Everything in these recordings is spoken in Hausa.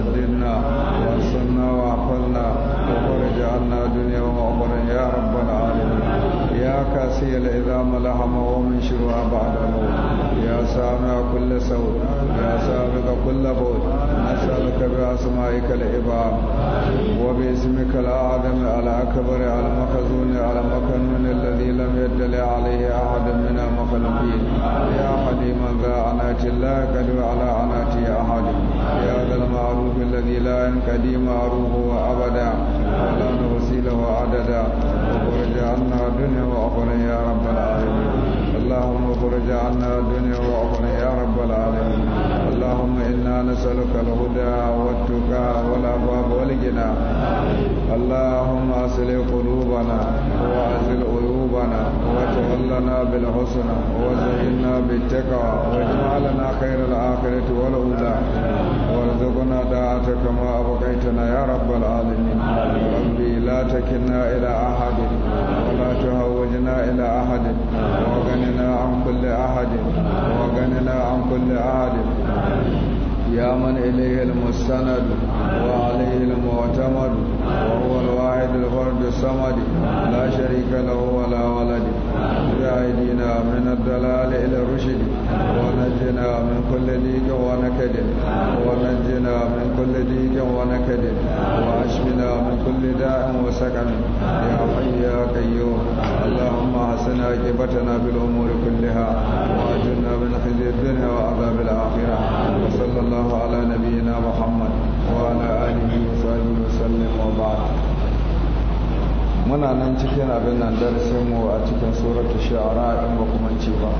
سددنا وانصرنا وعفلنا وفرج عنا دنيا وأخرى يا رب العالمين يا كاسي العظام لهم ومن شروع بعد الموت يا سامع كل صوت يا سابق كل بود نسألك بأسمائك الإبام وباسمك الأعظم الأكبر المخزون المكنون الذي لم يدل عليه أحد من المخلوقين يا حليما ذا عنات لا يكدو على عنات أحد يا ذا المعروف الذي لا ينكدي معروفه أبدا ولا نوصي له عددا وخرج عنا الدنيا وأخرى يا رب العالمين اللهم فرج عنا الدنيا وأخرى يا رب العالمين اللهم إنا نسألك الهدى والتقى والعفاف والغنى اللهم أصلح قلوبنا وأزل عيوبنا وتولنا بالحسنى وزينا بالتقوى واجعلنا خير الآخرة والأولى وارزقنا طاعتك ما أبقيتنا يا رب العالمين ربي لا تكلنا إلى أحد ولا تهوجنا إلى أحد وغننا عن كل أحد وغننا عن كل أحد يا من إليه المستند وعليه المعتمد وهو الواحد الفرد الصمد لا شريك له ولا ولد بأيدينا من الدلال إلى الرشد ونجنا من كل ديك ونكد ونجنا من كل ديك ونكد وأشفنا من كل داء وسكن يا حي يا قيوم اللهم حسن عاقبتنا بالأمور كلها وأجرنا من خزي الدنيا وعذاب الآخرة وصلى الله على نبينا محمد وعلى آله وصحبه وسلم وبعد muna nan cikin abin nan darasinmu a cikin suratu sha'ara in ba kuma ce ba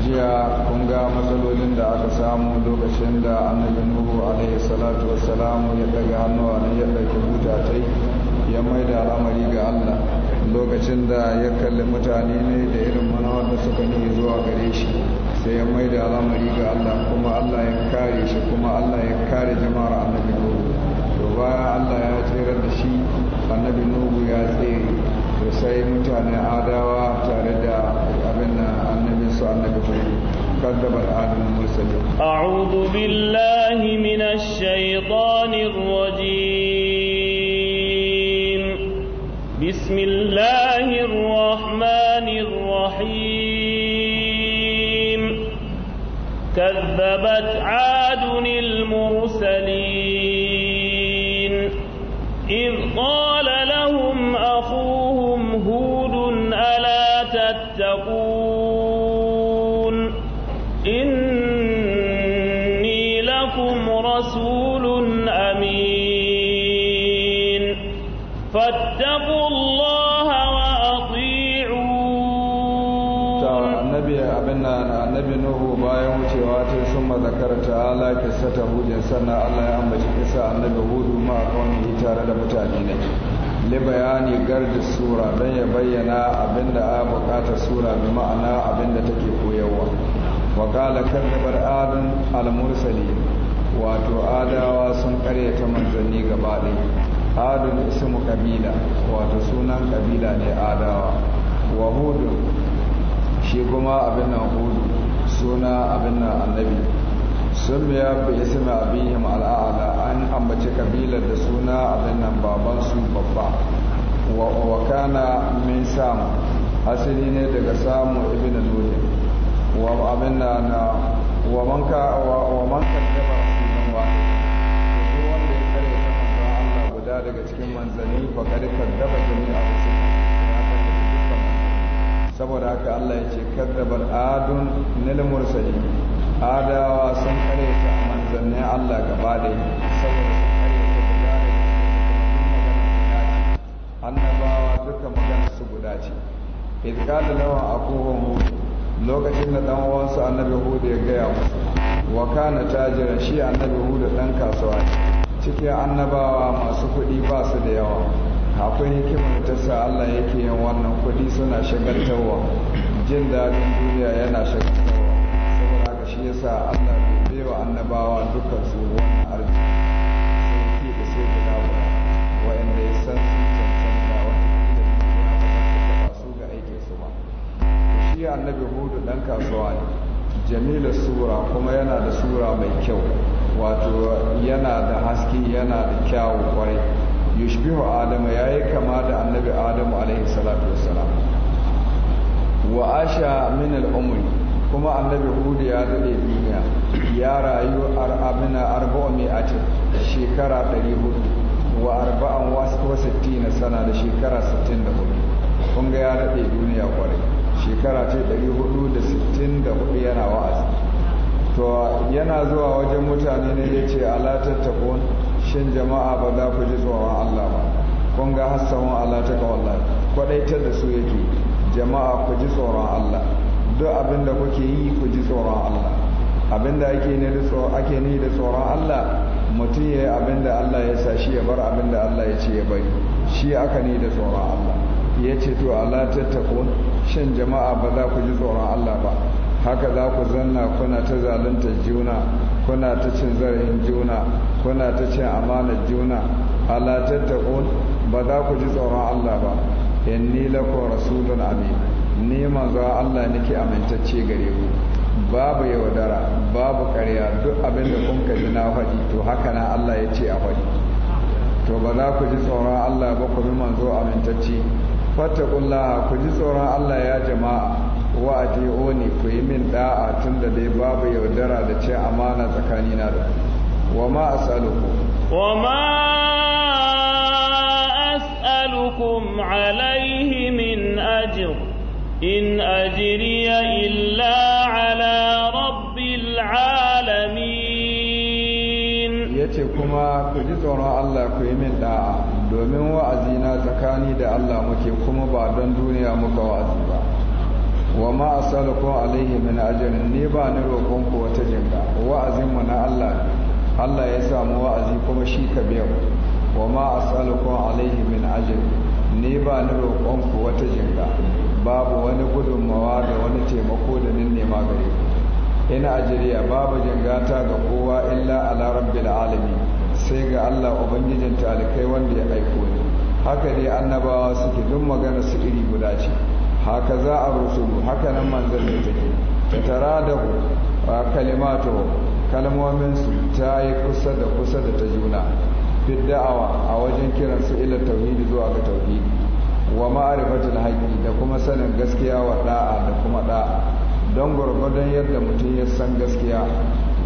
jiya kun ga matsalolin da aka samu lokacin da annabi nuhu alaihi salatu wassalamu ya daga hannuwa a ya ɗauki buta ya mai da al'amari ga allah lokacin da ya kalli mutane ne da irin manawar da suka ne zuwa gare shi sai ya mai da al'amari ga Allah kuma Allah ya kare shi kuma Allah ya kare jama'ar annabi nuhu to bayan Allah ya tsere da shi annabi nuhu ya tsere to sai mutane adawa tare da abin nan annabi su annabi bai كذب الآن المرسلين أعوذ بالله من الشيطان الرجيم بسم الله الرحمن الرحيم كذبت عاد المرسلين إذ قال لهم ta'ala sata hudin sannan Allah ya ambaci kisa annabi hudu ma a kawai tare da mutane ne li bayani gardi sura don ya bayyana abinda a bukata sura bi ma'ana abinda take koyarwa wa kan kadzabar adam al wato adawa sun karyata manzanni gaba ɗaya adun ismu kabila wato sunan kabila ne adawa wa hudu shi kuma abin nan hudu suna abin nan annabi sun biya bi ismi abihim al'ala an ambace kabilar da suna abin baban su babba wa kana min samu asali ne daga samu ibn nuhi wa abin na na wa manka ka wa man ka jaba sunan wa wanda ya kare ta manzo Allah guda daga cikin manzanni fa kad a jami'a saboda haka Allah ya ce kaddabar adun nil mursalin adawa sun kare ta manzannin Allah gaba da yi saboda sun kare ta guda da yi annabawa duka magana su guda ce da lawan abubuwan hudu lokacin da dan uwansu annabi hudu ya gaya musu wa kana tajira shi annabi hudu dan kasuwa cikin annabawa masu kuɗi ba su da yawa akwai hikimar ta sa Allah yake yin wannan kuɗi suna shagaltarwa jin daɗin duniya yana shagaltarwa yasa Allah bai wa annabawa dukkan su wani arziki sai da sai guda guda wa'anda ya san su cancanta wata da duniya ba za ta taba su ga aikin su ba shi annabi hudu dan kasuwa ne Jamila sura kuma yana da sura mai kyau wato yana da haske yana da kyawu kwarai yushbihu adamu yayi kama da annabi adamu alaihi salatu wassalam wa asha min al-umri kuma annabi hudu ya daɗe duniya ya rayu amina arba'a a cikin shekara 400 wa arba'an wasu na sana da shekara 64 kunga ya daɗe duniya kwarai shekara ce 464 yana wa'azi to yana zuwa wajen mutane ne ya ce alatattakon shin jama'a ba za ku ji tsoron allah ba kunga ga hassahun alataka wallahi kwadaitar da su yake jama'a ku ji tsoron allah duk abin da kuke yi ku ji tsoron Allah abin da ake ne da tsoron Allah mutum ya yi abin da Allah ya sa shi ya bar abin da Allah ya ce ya bari shi aka ne da tsoron Allah ya ce to Allah tattakun shan jama'a ba za ku ji tsoron Allah ba haka za ku zanna kuna ta zalunta juna kuna ta cin zarafin juna kuna ta cin amanar juna Allah tattakun ba za ku ji tsoron Allah ba inni lakum rasulun amin ni manzo Allah nake amintacce gare ku babu yaudara babu ƙarya duk abin da kun kaji na faɗi to haka na Allah ya ce a faɗi to ba za ku ji tsoron Allah ba ku bi manzo amintacce fattakullaha ku ji tsoron Allah ya jama'a wa a ne ku yi min da'a tun da dai babu yaudara da ce amana tsakanina da wa ma as'aluku wa as'alukum alaihi min aji. إن أجري إلا على رب العالمين yace kuma ku ji tsoron Allah ku yi min ɗa'a, domin wa'azi na tsakani da Allah muke kuma ba don duniya muka wa'azi ba wa ma asalukum alaihi min ajrin ni ba ni roƙon wata jinga wa'azin na Allah Allah ya samu wa'azi kuma shi ka wa ma min ajrin ni ba ni roƙonku wata jinga babu wani gudunmawa da wani taimako da nin nema gare ku ina ajiriya babu jingata ga kowa illa ala rabbil alamin sai ga Allah ubangijin talikai wanda ya aiko ni haka dai annabawa suke duk magana su iri guda ce haka za a rusulu haka nan manzanni take tara da ku. kalimatu su ta yi kusa da kusa da ta juna bidda'awa a wajen kiran su ila tauhidi zuwa ga tauhidi wa ma'rifatul haqqi da kuma sanin gaskiya wa da'a da kuma da'a don gwargwadon yadda mutum ya san gaskiya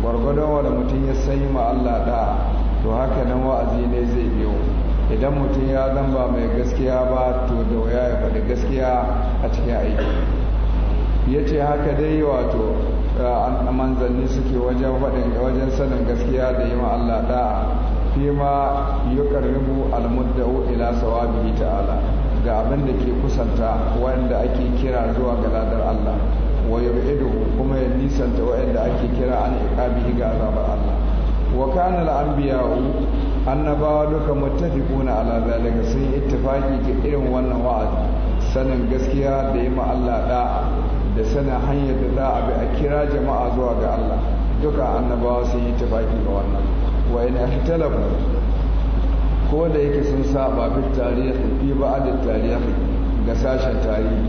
gwargwadon wanda mutum ya san yi ma Allah da'a to haka nan wa'azi ne zai biyo idan mutum ya zan ba mai gaskiya ba to da waya ya faɗi gaskiya a cikin aiki ya ce haka dai wato manzanni suke wajen faɗin wajen sanin gaskiya da yi ma Allah da'a fima yuqarribu al-mudda'u ila sawabihi ta'ala ga abin da ke kusanta wanda ake kira zuwa ga ladar Allah wa yub'idu kuma ya nisanta wanda ake kira an iqabihi ga azabar Allah wa kana al-anbiya'u annabawa duka muttafiquna ala zalika sun ittifaqi ga irin wannan wa'azi sanin gaskiya da yi Allah da da sanin hanyar da za a bi a kira jama'a zuwa ga Allah duka annabawa sun yi ga wannan wa in ko da yake sun saba bi tarihi bi ba'd tarihi ga sashen tarihi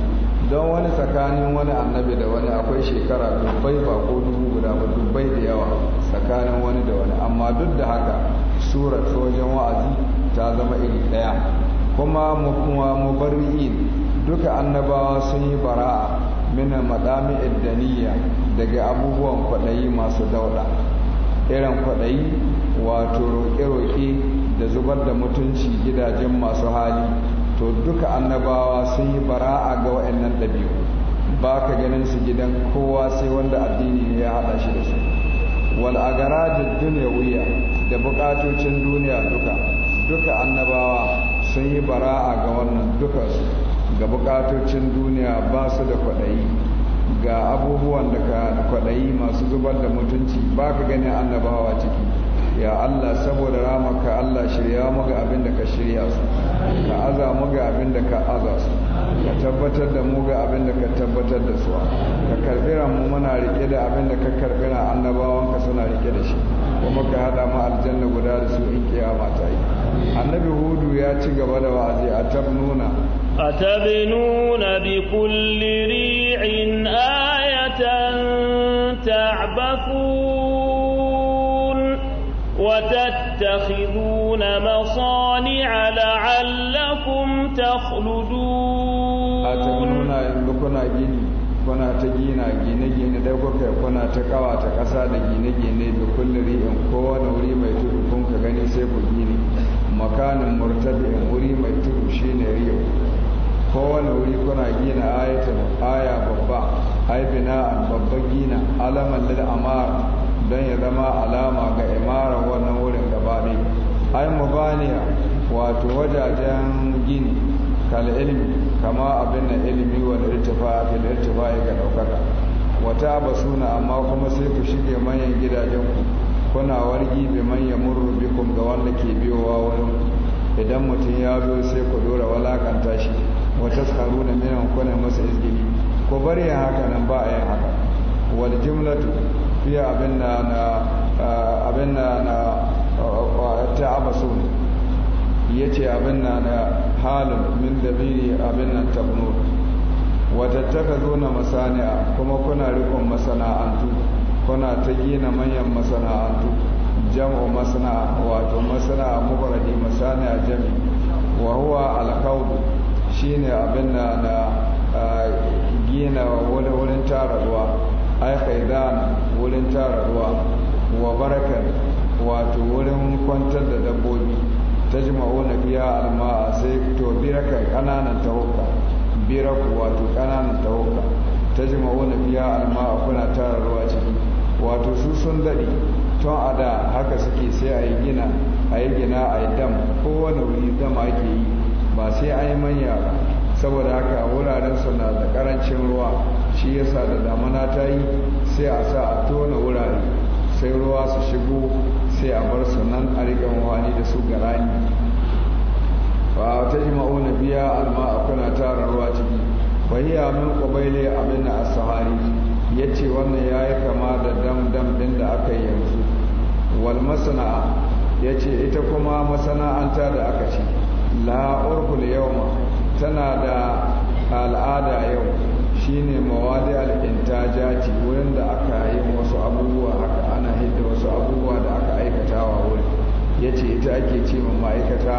don wani tsakanin wani annabi da wani akwai shekara dubbai ba ko dubu guda ba dubbai da yawa tsakanin wani da wani amma duk da haka sura sojan wa'azi ta zama iri daya kuma mubarri'in duka annabawa sun yi bara'a min madami daniya daga abubuwan kwaɗayi masu dauɗa irin kwaɗayi wato roƙe-roƙe da zubar da mutunci gidajen masu hali to duka annabawa sun yi bara'a ga waɗannan ɗabi'u ba ka ganin su gidan kowa sai wanda addini ne ya haɗa shi da su wal agara da wuya da buƙatocin duniya duka duka annabawa sun yi bara'a ga wannan dukansu ga buƙatocin duniya ba su da kwaɗayi ga abubuwan da ka kwaɗayi masu zubar da mutunci ba ka gani annabawa ciki ya Allah saboda ramaka Allah shirya mu ga abin da ka shirya su ka aza mu ga abin da ka aza su ka tabbatar da mu ga abin da ka tabbatar da su ka karɓi mu muna rike da abin da ka karɓi ran annabawan ka suna rike da shi kuma ka haɗa mu aljanna guda da su in kiyama ta yi annabi hudu ya ci gaba da wa'azi a Nuna. أتبنون بكل ريع آية تعبثون وتتخذون مصانع لعلكم تخلدون أتبنون إن جيني kuna ta gina gine-gine dai kuka kuna ta kawata ƙasa da gine-gine da kullum in kowane wuri mai tudu kun ka gani sai ku gini makanin murtabi'in wuri mai tudu shine riyo kowane wuri kuna gina ayatul aya babba ai an babban gina alaman lil amar don ya zama alama ga imara wannan wurin gaba ne ai mubaniya wato wajajen gini kal ilmi kama abin da ilmi wa irtifa fil irtifa ga daukaka wata basuna amma kuma sai ku shige manyan gidajen ku kuna wargi bi manyan murru bikum ga wanda ke biyowa wurin idan mutum ya zo sai ku dora walakanta shi wa taskaruna minhum kuna musu izgini ko bari haka nan ba a yin haka wadda jimla tu abin na abin na na ta ya ce abin na na halin min dabiri abin nan ka zo na masaniya kuma kuna rikon masana'antu kuna ta gina manyan masana'antu jam'u masana wato masana mubaradi masana jami wa huwa alkaudu shine abin na na gina wani wurin tararwa ruwa ai wurin tararwa wa barakar wato wurin kwantar da dabbobi ta jima'una biya alma'a sai to biraka kananan tahukka biraku wato kananan tawuka ta jima'una biya alma'a kuna tararwa ciki wato su sun daɗi tun a da haka suke sai a yi gina a yi gina a yi dam kowane wuri dam ake yi ba sai an yi manya ba saboda haka wuraren suna da karancin ruwa shi yasa da damana ta yi sai a sa a tona wurare sai ruwa su shigo sai a bar su nan a riƙa wani da su garani ba ta jima'o na biya amma kuna tara ruwa ciki bahiya min kwabaile abin a sahari ya ce wannan ya yi kama da dam ɗin da aka yi yanzu wal ya ce ita kuma masana'anta da aka ce la urhul yawma tana da al'ada yau shine mawadi al-intajati wurin da aka yi wasu abubuwa haka ana hidda wasu abubuwa da aka aikatawa wuri yace ita ake ce ma ma'aikata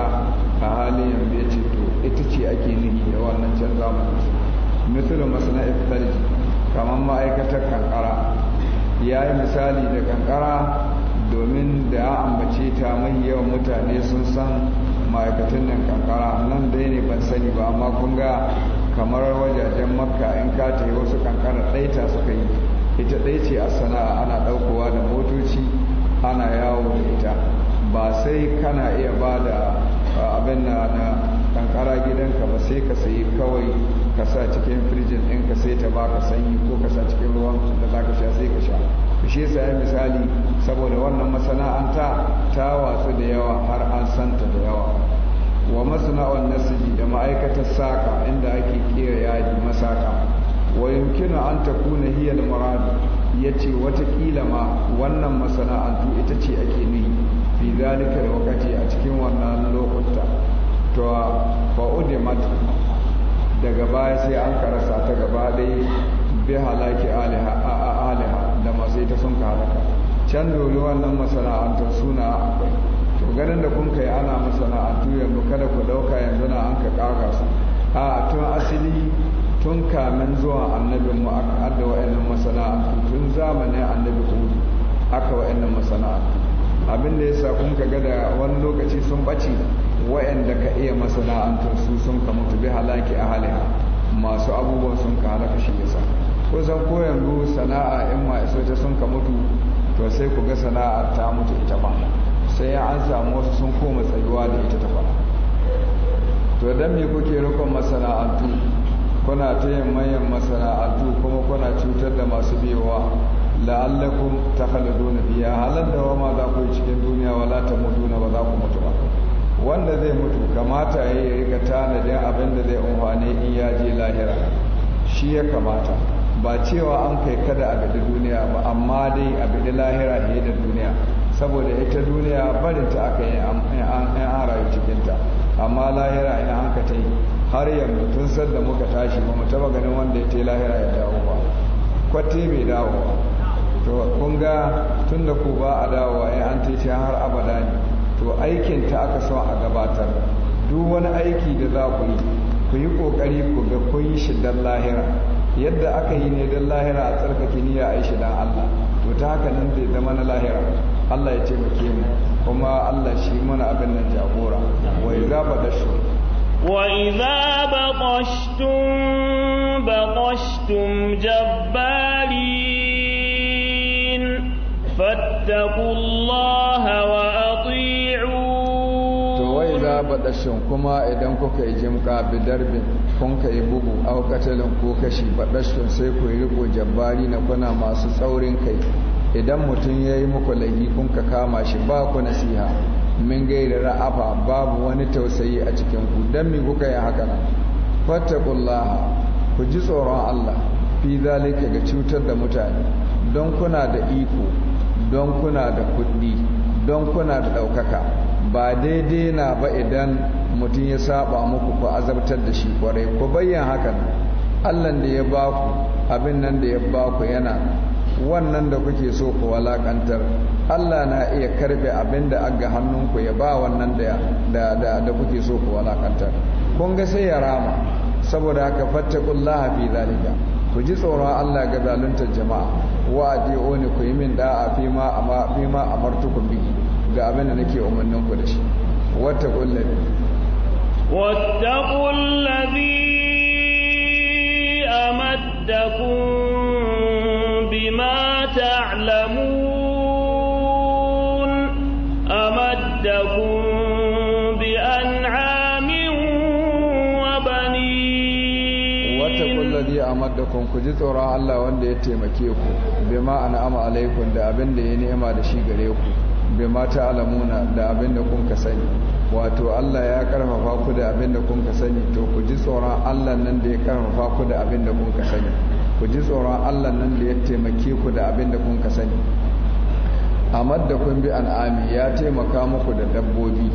a halin yanzu yace to ita ce ake nufi da wannan can zamanin misalu masna'if tharji kamar ma'aikatar kankara ya yi misali da kankara domin da a ambace ta mai yawan mutane sun san ma'aikatan nan kankara nan dai ne ban sani ba amma kun ga kamar wajajen makka in ka ta wasu kankara ɗaita suka yi ita ɗai ce a sana'a ana ɗaukowa da motoci ana yawo da ita ba sai kana iya ba da abin na kankara gidanka ba sai ka sayi kawai kasa cikin firjin ɗin ka sai ta baka sanyi ko ka cikin ruwan da za ka sha sai ka sha shi sa ya misali saboda wannan masana'anta ta watsu da yawa har an santa da yawa wa masana'on nasiji da ma'aikatar saka inda ake kera yadi masaka wa yankina an takuna hiya muradu ya ce watakila ma wannan masana'antu ita ce ake nuyi fi zalika da wakati a cikin wannan lokuta to fa mata daga baya sai an karasa ta gaba dai bi halaki aliha sai ta sun ka can wannan masana'antar suna akwai to ganin da kun kai ana masana'antu yanzu kada ku dauka yanzu na an ka kaga su a tun asali tun kamin zuwa annabin mu aka adda wa'annan masana'antu tun zamanin annabi hudu aka wa'annan masana'antu abin da sa kun ka ga da wani lokaci sun bace wa'anda ka iya masana'antar su sun ka mutu bi halaki a halin masu abubuwan sun ka halaka shi yasa kusan ko yanzu sana'a in ta sun ka mutu to sai ku ga sana'a ta mutu ita ba sai an samu wasu sun koma tsayuwa da ita ta fara to don me kuke rikon masana'antu kuna ta yin manyan masana'antu kuma kuna cutar da masu biyowa la'allakum na biya halar da wama za ku yi cikin duniya wala na ba za ku mutu ba wanda zai mutu kamata ya yi rika tanadin abin da zai umfane in ya je lahira shi ya kamata ba cewa an kai kada a da duniya ba amma dai a da lahira ne da duniya saboda ita duniya barin ta aka yi an rayu cikinta amma lahira in an ka ta yi har yanzu tun sanda muka tashi ba mu taba ganin wanda ya ta lahira ya dawo ba kwati bai dawo ba to kun ga tun da ku ba a dawowa in an ta har abada ne to aikin ta aka so a gabatar duk wani aiki da za ku yi ku yi kokari ku ga kun shi dan lahira yadda aka yi ne don lahira a tsarkake niyya a yi don Allah to ta haka nan zai zama na lahira Allah ya taimake mu kuma Allah shi mana abin nan jagora wa idza badashu wa idza baqashtum baqashtum jabbarin fattaqul iza shin kuma idan kuka yi jimka bidarbin kun ka yi bugu au ko kashi baɗashin sai ku yi riko jabbari na kuna masu tsaurin kai idan mutum ya yi muku lahi kun ka kama shi ba ku nasiha min gaira ra'afa babu wani tausayi a cikin ku dan mi kuka yi haka nan fattakullaha ku ji tsoron Allah fi zalika ga cutar da mutane don kuna da iko don kuna da kuɗi don kuna da ɗaukaka ba daidai na ba idan mutum ya saba muku ku azabtar da shi kwarai ku bayyan hakan allan da ya ba ku abin nan da ya ba ku yana wannan da kuke so ku walakantar allah na iya karbe abin da aga hannunku ya ba wannan da kuke so ku walakantar kun ga sai ya rama saboda haka fattakullaha fi zalika ku ji tsoron allah ga zaluntar jama'a wa ne ku yi min da'a fi ma amartukum biyu. da abin da nake umarnin ku da shi wata kullabi wata kullabi a maddakun bi bi wata ku ji tsoron Allah wanda ya taimake ku bi ma an'ama alaikun da abin da ya nema da shi gare ku bai mata alamuna da abin da kun ka sani wato Allah ya karfafa ku da abin da kun ka sani to ku ji tsoron Allah nan da ya karfafa ku da abin da kun ka sani ku ji tsoron Allah nan da ya taimake ku da abin da kun ka sani amad da kun bi an'ami ya taimaka muku da dabbobi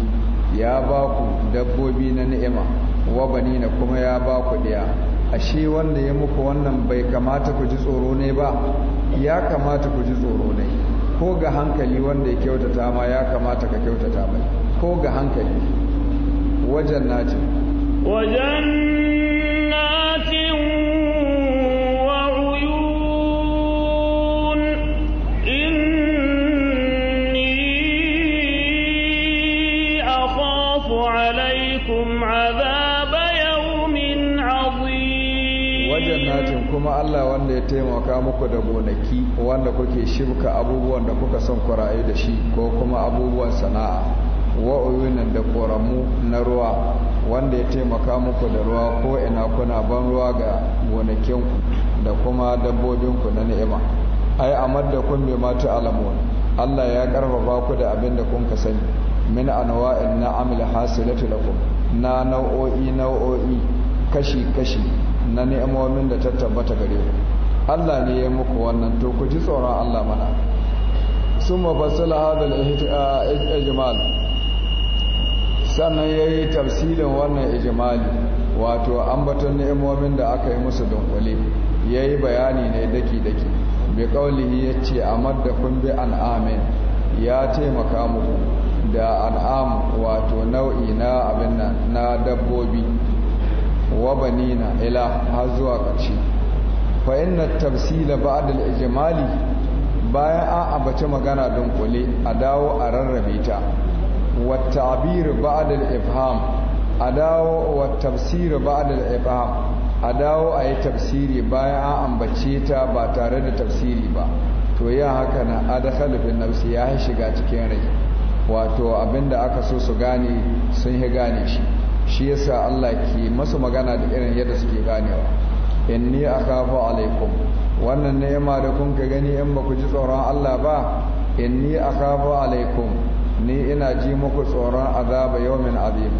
ya ba ku dabbobi na ni'ima wa banina kuma ya ba ku ɗaya ashe wanda ya muku wannan bai kamata ku ji tsoro ne ba ya kamata ku ji tsoro ne ko ga hankali wanda ya kyautata ma ya kamata ka kyautata mai ko ga hankali wajen naci wajen natin wa'uyun jannatin kuma Allah wanda ya taimaka muku da gonaki wanda kuke shibka abubuwan da kuka son ku da shi ko kuma abubuwan sana'a wa uyunan da koramu na ruwa wanda ya taimaka muku da ruwa ko ina kuna ban ruwa ga gonakinku da kuma dabbobinku na ni'ima ai amar da kun bi mata alamun Allah ya karfafa ku da abin da kun ka sani min anwa'in na'amil hasilatu lakum na nau'o'i nau'o'i kashi kashi na ni'imomin da ta tabbata gare ku Allah ne ya muku wannan to ku ji tsoron Allah mana sun mafassala hadal ijmal sannan ya yi tafsirin wannan ijimali wato ambaton ni'imomin da aka yi musu dunkule ya yi bayani ne daki-daki bi kaulihi ya ce a kun bi an'amin ya taimaka muku da an'am wato nau'i na abin na dabbobi wa na ila har zuwa ƙarshe fa tafsila ba'da al-ijmali bayan an abace magana dunkule a dawo a rarrabe ta wa ta'bir ba'da al-ifham a dawo wa tafsir ba'da al-ifham a dawo a yi tafsiri bayan an ambace ta ba tare da tafsiri ba to yin haka na adakhalu bin nafsi ya shiga cikin rai wato abinda aka so su gane sun yi gane shi shi yasa Allah ke masu magana da irin yadda suke ganewa inni akhafu alaikum wannan ne ni'ima da kun ka gani in ba ku ji tsoron Allah ba inni akhafu alaikum ni ina ji muku tsoron azaba yawmin azim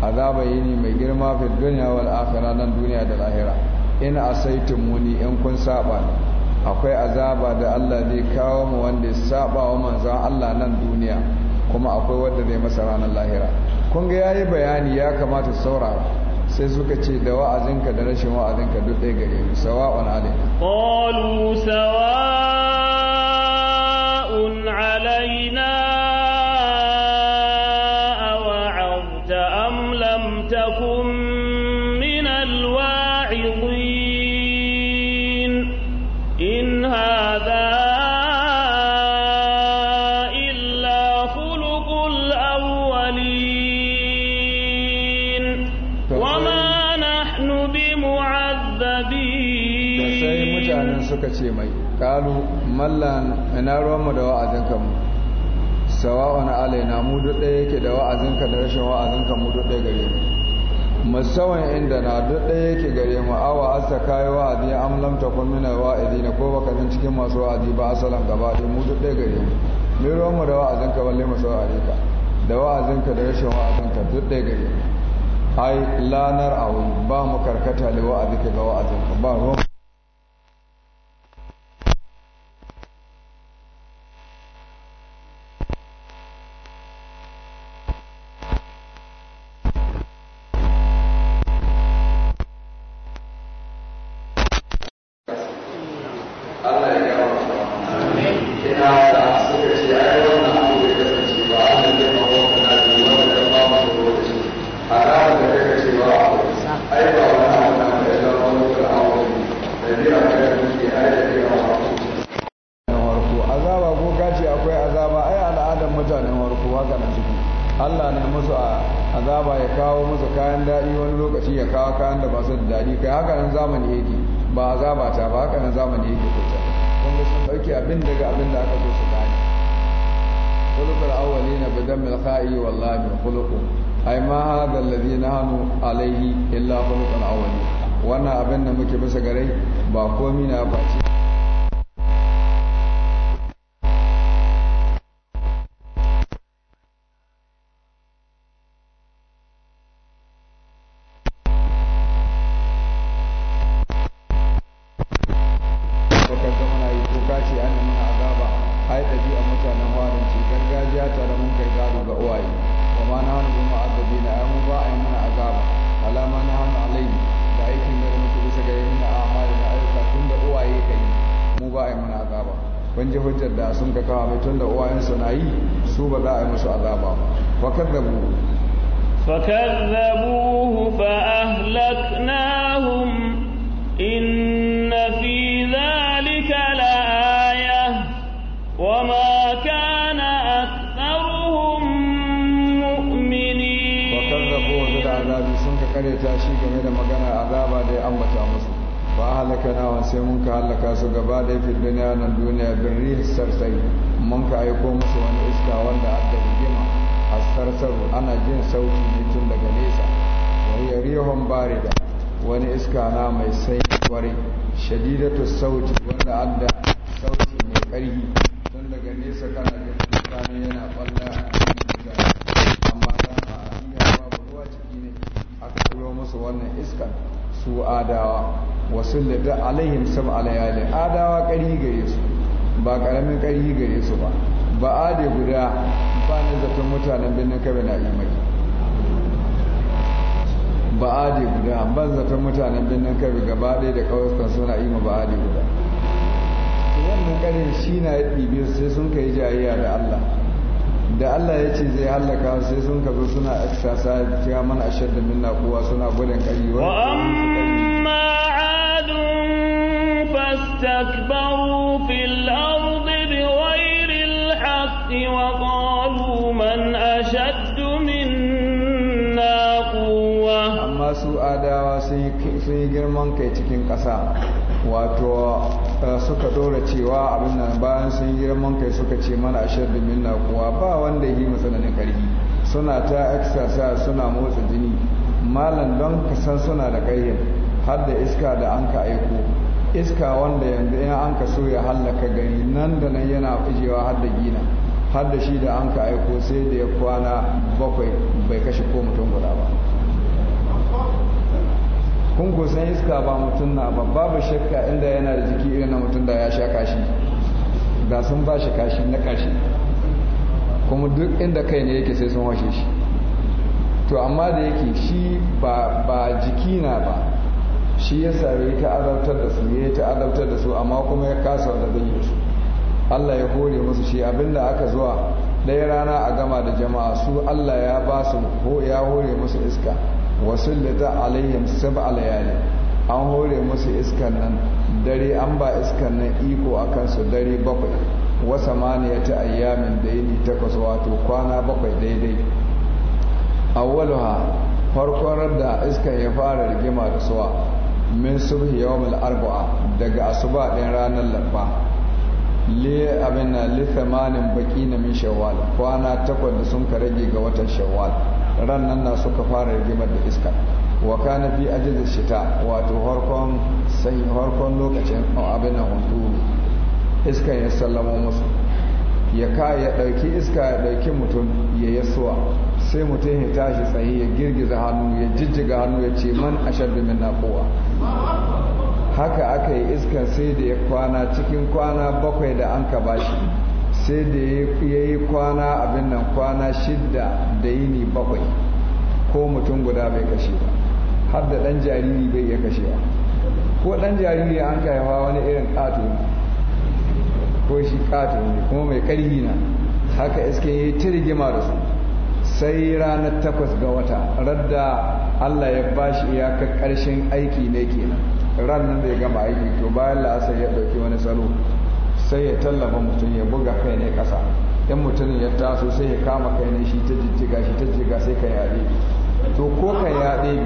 azaba yini mai girma fi dunya wal akhirah nan duniya da lahira in asaitum muni in kun saba akwai azaba da Allah zai kawo mu wanda ya saba wa manzon Allah nan duniya kuma akwai wanda zai masa ranar lahira kun ga yi bayani ya kamata saurara sai suka ce da wa'azinka da rashin wa'azinka duk ɗaya gare mu sawa'un alaina qalu sawa'un alaina awa'ta am lam takum kalu mallan ina mu da wa'azinka mu sawa'un alaina mu duk ɗaya yake da wa'azinka da rashin wa'azinka mu duk ɗaya gare mu musawan inda na duk ɗaya yake gare mu awa asa kai wa'azi am lam takun min wa'azi na ko baka san cikin masu wa'azi ba asalan gaba ɗaya mu duk ɗaya gare mu mai mu da wa'azinka balle mu saurare ka da wa'azinka da rashin wa'azinka duk ɗaya gare mu ai lanar awu ba mu karkata da wa'azinka ga ka ba ruwanmu mutanen warin ce gargajiya tare mun kai gado ga uwaye wa ma na hannu kuma adabi na ya mun ba a yi mana azaba alama na hannu alayi da aikin da muke bisa ga yin amali na ayyuka tun da uwaye ka yi mu ba a yi mana azaba ban ji hujjar da sun ka kawo mai tun da uwayensu na yi su ba za a yi musu azaba ba fakar da mu فكذبوه فأهلكناهم ahalakanawa sai mun ka halaka su gaba da fi duniya nan duniya bin rihar sarsai mun ka aiko musu wani iska wanda aka rigima a sarsaru ana jin sauti ne tun daga nesa wani rihon bari da wani iska na mai sai kwarai shadidatu sauti wanda adda sauti mai karhi tun daga nesa kana jin mutane yana balla amma za a babu ruwa ciki ne aka koyo musu wannan iskar su adawa wasu da alayhim sam alayali adawa ƙari gare su ba ƙaramin ƙari gare su ba ba ade guda ba na zaton mutanen birnin kabe na imai ba ade guda ban zaton mutanen birnin kabe gaba ɗaya da ƙawarsa suna ima ba ade guda wannan ƙarin shi na ya ɗibe sai sun kai jayayya da allah da Allah ya ce zai hallaka sai sun ka suna exercise cewa mana ashad da minna kowa suna gudun kari wa amma adun fastakbaru fil ardi bighayri al-haqq wa qalu man ashad minna quwwa amma su adawa sun yi girman kai cikin ƙasa wato suka dora cewa abin nan bayan sun yi girman kai suka ce mana da minna kuwa ba wanda yi matsananin karfi suna ta exercise suna motsa jini malam don kasan suna da ƙarfin har da iska da an ka aiko iska wanda yanzu in an ka so ya hallaka gani nan da nan yana fijewa har da gina har da shi da an ka aiko sai da ya kwana bakwai bai kashe ko mutum guda ba kun kusan iska ba mutum na ba babu shakka inda yana da jiki irin na mutum da ya sha kashi da sun ba shi kashi na kashi kuma duk inda kai ne yake sai sun washe shi to amma da yake shi ba jiki na ba shi ya sare ta azabtar da su ya ta azabtar da su amma kuma ya kasa da zai su Allah ya hore musu shi abinda aka zuwa ɗaya rana a gama da jama'a su Allah ya ba su ya hore musu iska wasu da alayhim sab'a layali an hore musu iskan nan dare an ba iskan nan iko a kansu dare bakwai wasa maniya ta ayyamin da yi takwas wato kwana bakwai daidai awwaluha farkon da iskan ya fara rigima da suwa min subhi yawmul arba'a daga asuba ɗin ranar Labba. li abin li thamanin baki na min shawwal kwana takwas da sun ka rage ga watan shawwal ran nan na suka fara rigimar da iska wa kana fi ajizin shita wato harkon sai harkon lokacin oh, abin nan hunturu iska ya sallamo musu ya ka ya ɗauki iska ya ɗauki mutum ya yasuwa sai mutum ya tashi tsaye ya girgiza hannu ya jijjiga hannu ya ce man ashaddu min kowa haka aka yi iskan sai da ya kwana cikin kwana bakwai da an ka bashi sai da ya yi kwana abin nan kwana shida da yini bakwai ko mutum guda bai kashe ba har da ɗan jariri bai iya kashewa ko ɗan jariri an kaiwa wani irin ƙato ne ko shi ƙato ne kuma mai ƙarfi na haka iske ya yi tirgima da su sai ranar takwas ga wata radda allah ya bashi iyakar ƙarshen aiki ne kenan ran nan da ya gama aiki to bayan la'asar ya ɗauki wani salo sai ya tallafa mutum ya buga kai ne ƙasa in mutum ya taso sai ya kama kai ne shi ta jijjiga shi ta jijjiga sai ka yaɗe to ko ka yaɗe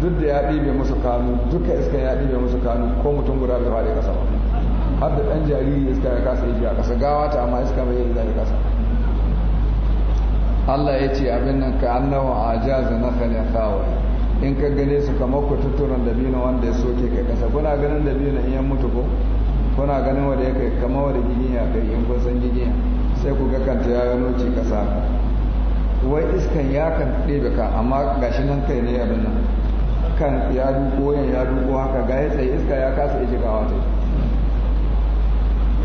duk da yaɗe bai musu kanu duka iska yaɗe bai musu kanu ko mutum guda bai faɗi ƙasa ba har da ɗan jariri iska ya kasa yi a ƙasa gawa ta amma iska bai yi zai ƙasa Allah ya ce abin nan ka annawa a jaza na kalin kawai in ka gane su kamar kututturan tuturan dabino wanda ya soke ka ƙasa kuna ganin dabino in yan mutu ko kuna ganin wanda ya kai kama wanda giginya kai in kun san giginya sai ku ga kanta ya gano ci kasa wai iskan ya kan ɗebe ka amma gashi nan kai ne abin nan kan ya duko yan ya duko haka ga ya tsaye iska ya kasa iji kawo ta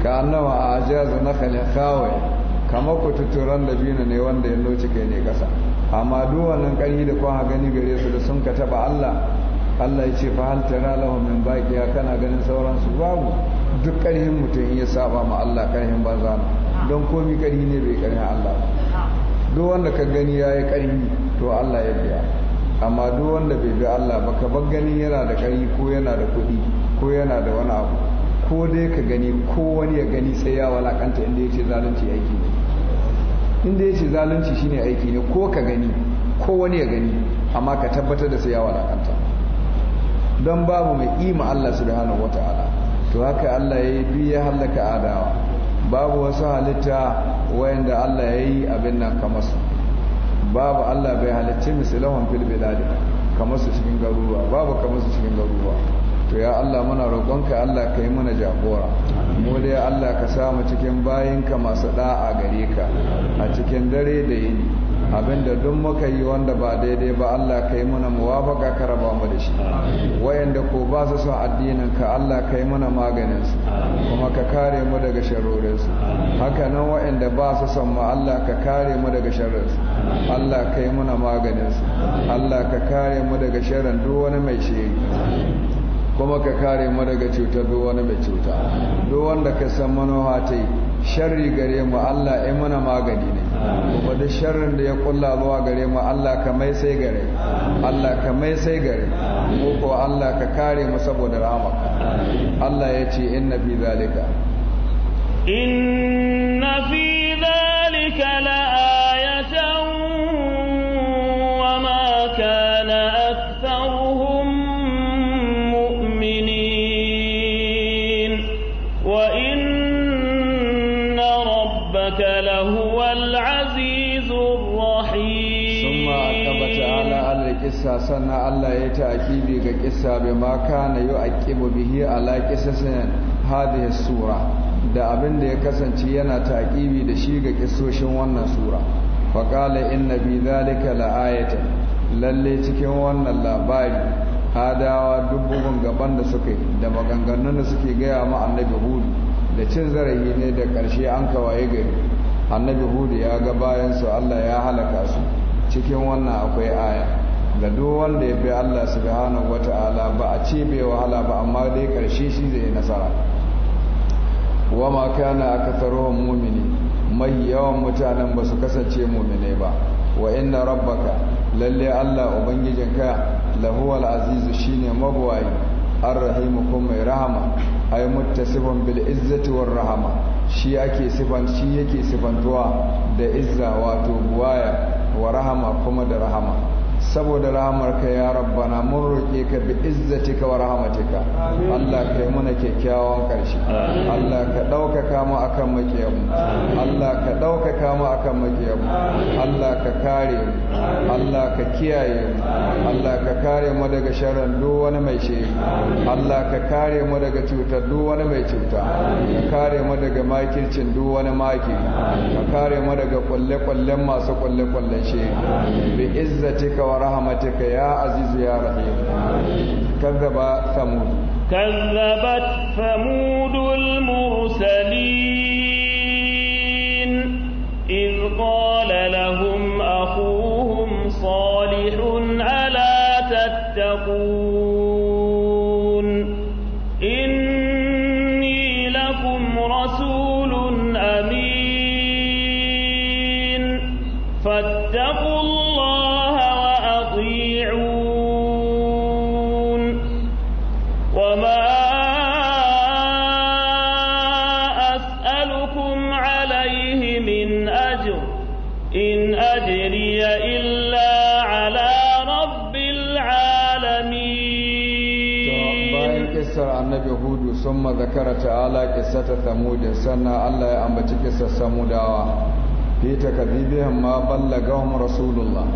ka annawa a ajaza zana kalin kawai kamar ku tuturan da biyu ne wanda ya noci kai ne kasa amma duwannan wannan ƙarfi da kuma gani gare su da sun ka taɓa Allah Allah ya ce fa hantara tara lahum min kana ganin sauransu babu duk ƙarhin mutum ya saba ma Allah ƙarhin banza don komi ƙarhi ne bai ƙarhin Allah duk wanda ka gani ya yi ƙarhi to Allah ya biya amma duk wanda bai bi Allah ba ka bar ganin yana da ƙarhi ko yana da kuɗi ko yana da wani abu ko dai ka gani ko wani ya gani sai ya walakanta inda ya ce zalunci aiki ne inda ya ce zalunci shine aiki ne ko ka gani ko wani ya gani amma ka tabbatar da sai ya walakanta don babu mai ima Allah subhanahu wata'ala to haka Allah ya yi duk ya hallaka adawa babu wasu halitta wayanda Allah ya yi abin nan kamar su babu Allah bai halicci misalahun fil biladi kamar su cikin garuruwa babu kamar su cikin garuruwa to ya Allah muna roƙonka Allah ka yi mana jagora mu dai Allah ka samu cikin bayinka masu da'a gare ka a cikin dare da yini abinda duk muka yi wanda ba daidai ba Allah ka yi muna muwafaka ka raba mu da shi wayanda ko ba su son addinin ka Allah ka yi muna maganin su kuma ka kare mu daga sharorin su haka nan wayanda ba su son mu Allah ka kare mu daga sharrin su Allah ka yi muna maganin su Allah ka kare mu daga sharrin duk wani mai shiri kuma ka kare mu daga cutar duk wani mai cuta duk wanda ka san manoha ta yi sharri gare mu Allah ya muna magani ne kuma da sharrin da ya kulla zuwa gare mu Allah ka mai sai gare Allah ka mai sai gare mu ko Allah ka kare mu saboda rahmaka Allah ya ce inna fi zalika inna fi zalika la sannan Allah ya ta akibi ga kissa bai ma kana yau aqibu bihi ala qisasin hadiya sura da abin da ya kasance yana ta akibi da shi ga kissoshin wannan sura faƙala ina inna bi zalika la'ayata lalle cikin wannan labari adawa dubbugun gaban da suka yi da maganganun da suke gaya ma annabi hudu da cin zarafi ne da ƙarshe an kawaye gari annabi hudu ya ga bayansu allah ya halaka su cikin wannan akwai aya ga duk wanda ya bi Allah subhanahu wata'ala ba a ce bai wahala ba amma dai karshe shi zai nasara wa ma kana aktharuhum mu'mini mai yawan mutanen ba su kasance mu'mine ba wa inna rabbaka lalle Allah ubangijinka lahuwal azizu shine an arrahimu kuma mai rahama ai muttasifan bil izzati war rahama shi ake sifan shi yake sifantuwa da izza wato buwaya wa rahama kuma da rahama saboda rahamarka ya rabbana mun roƙe ka bi izzatika wa rahmatika Allah kai muna kyakkyawan ƙarshe Allah ka ɗaukaka mu akan makiyamu Allah ka ɗaukaka mu akan makiyamu Allah ka kare mu Allah ka kiyaye mu Allah ka kare mu daga sharrin duk wani mai shiri Allah ka kare mu daga cutar duk wani mai cuta ka kare mu daga makircin duk wani maki ka kare mu daga kwalle-kwallen masu kwalle-kwallen shi bi izzatika wa wa rahmatika ya azizu ya rahim kazzaba kazzabat mu fi takadibihim ma ballagahum rasulullah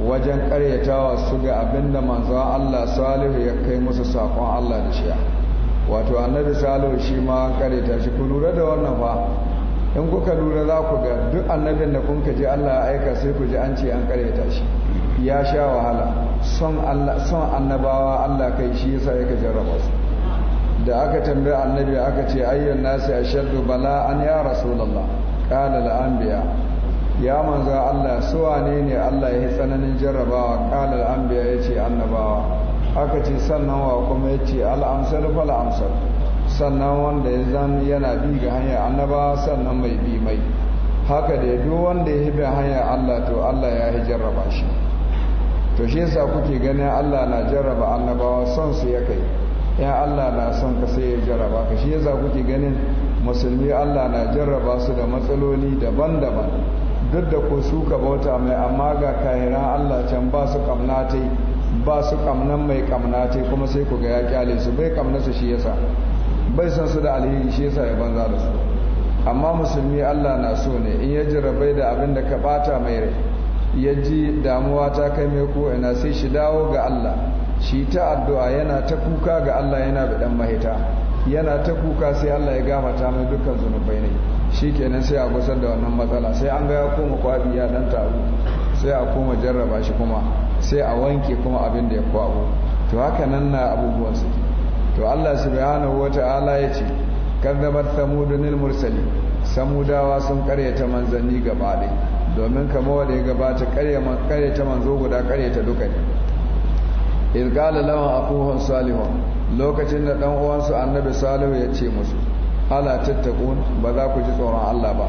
wajen karyatawa su ga abinda manzo Allah salihu ya kai musu sakon Allah da shi wato annabi salihu shi ma karyata shi ku lura da wannan fa in kuka lura za ku ga duk annabin da kun ji Allah ya aika sai ku ji an ce an karyata shi ya sha wahala son annabawa Allah kai shi yasa yake jarraba su da aka tambaye annabi aka ce a nasi ashaddu an ya rasulullah qala anbiya ya manza Allah su wanene ne Allah ya yi tsananin jarrabawa qala al ya ce annabawa aka ce sannan wa kuma ya ce al’amsar fal’amsar sannan wanda ya zan yana bi ga hanyar annabawa sannan mai bi mai haka da duk wanda ya bi hanyar Allah to Allah ya yi jarraba shi to shi yasa kuke ganin Allah na jarraba annabawa son su ya kai ya Allah na son ka sai ya jarraba ka shi yasa kuke ganin musulmi Allah na jarraba su da matsaloli daban-daban duk da ku su bauta mai amma ga kayan Allah can ba su kamnate ba su kamnan mai kamnate kuma sai ku ga ya kyale su bai kamna su shi yasa bai san su da alheri shi yasa ya banza da su amma musulmi Allah na so ne in ya jarrabai da abin da ka bata mai rai ya ji damuwa ta kai mai ko ina sai shi dawo ga Allah shi ta addu'a yana ta kuka ga Allah yana bidan mahita yana ta kuka sai Allah ya gafarta mai dukkan zunubai ne shi shikenan sai a gusar da wannan matsala sai an ga ya koma kwabi ya dan taru sai a koma jarraba shi kuma sai a wanke kuma abin da ya kwabo to haka nan na abubuwan su to Allah subhanahu wata'ala ya ce kadzabat samudunil mursali samudawa sun karyata manzanni gaba ɗaya domin kamar wanda ya gabata karyata manzo guda karyata duka ne irgala lawan akuhun salihun lokacin da dan uwansu annabi salihu ya ce musu ala tattakun ba za ku ji tsoron Allah ba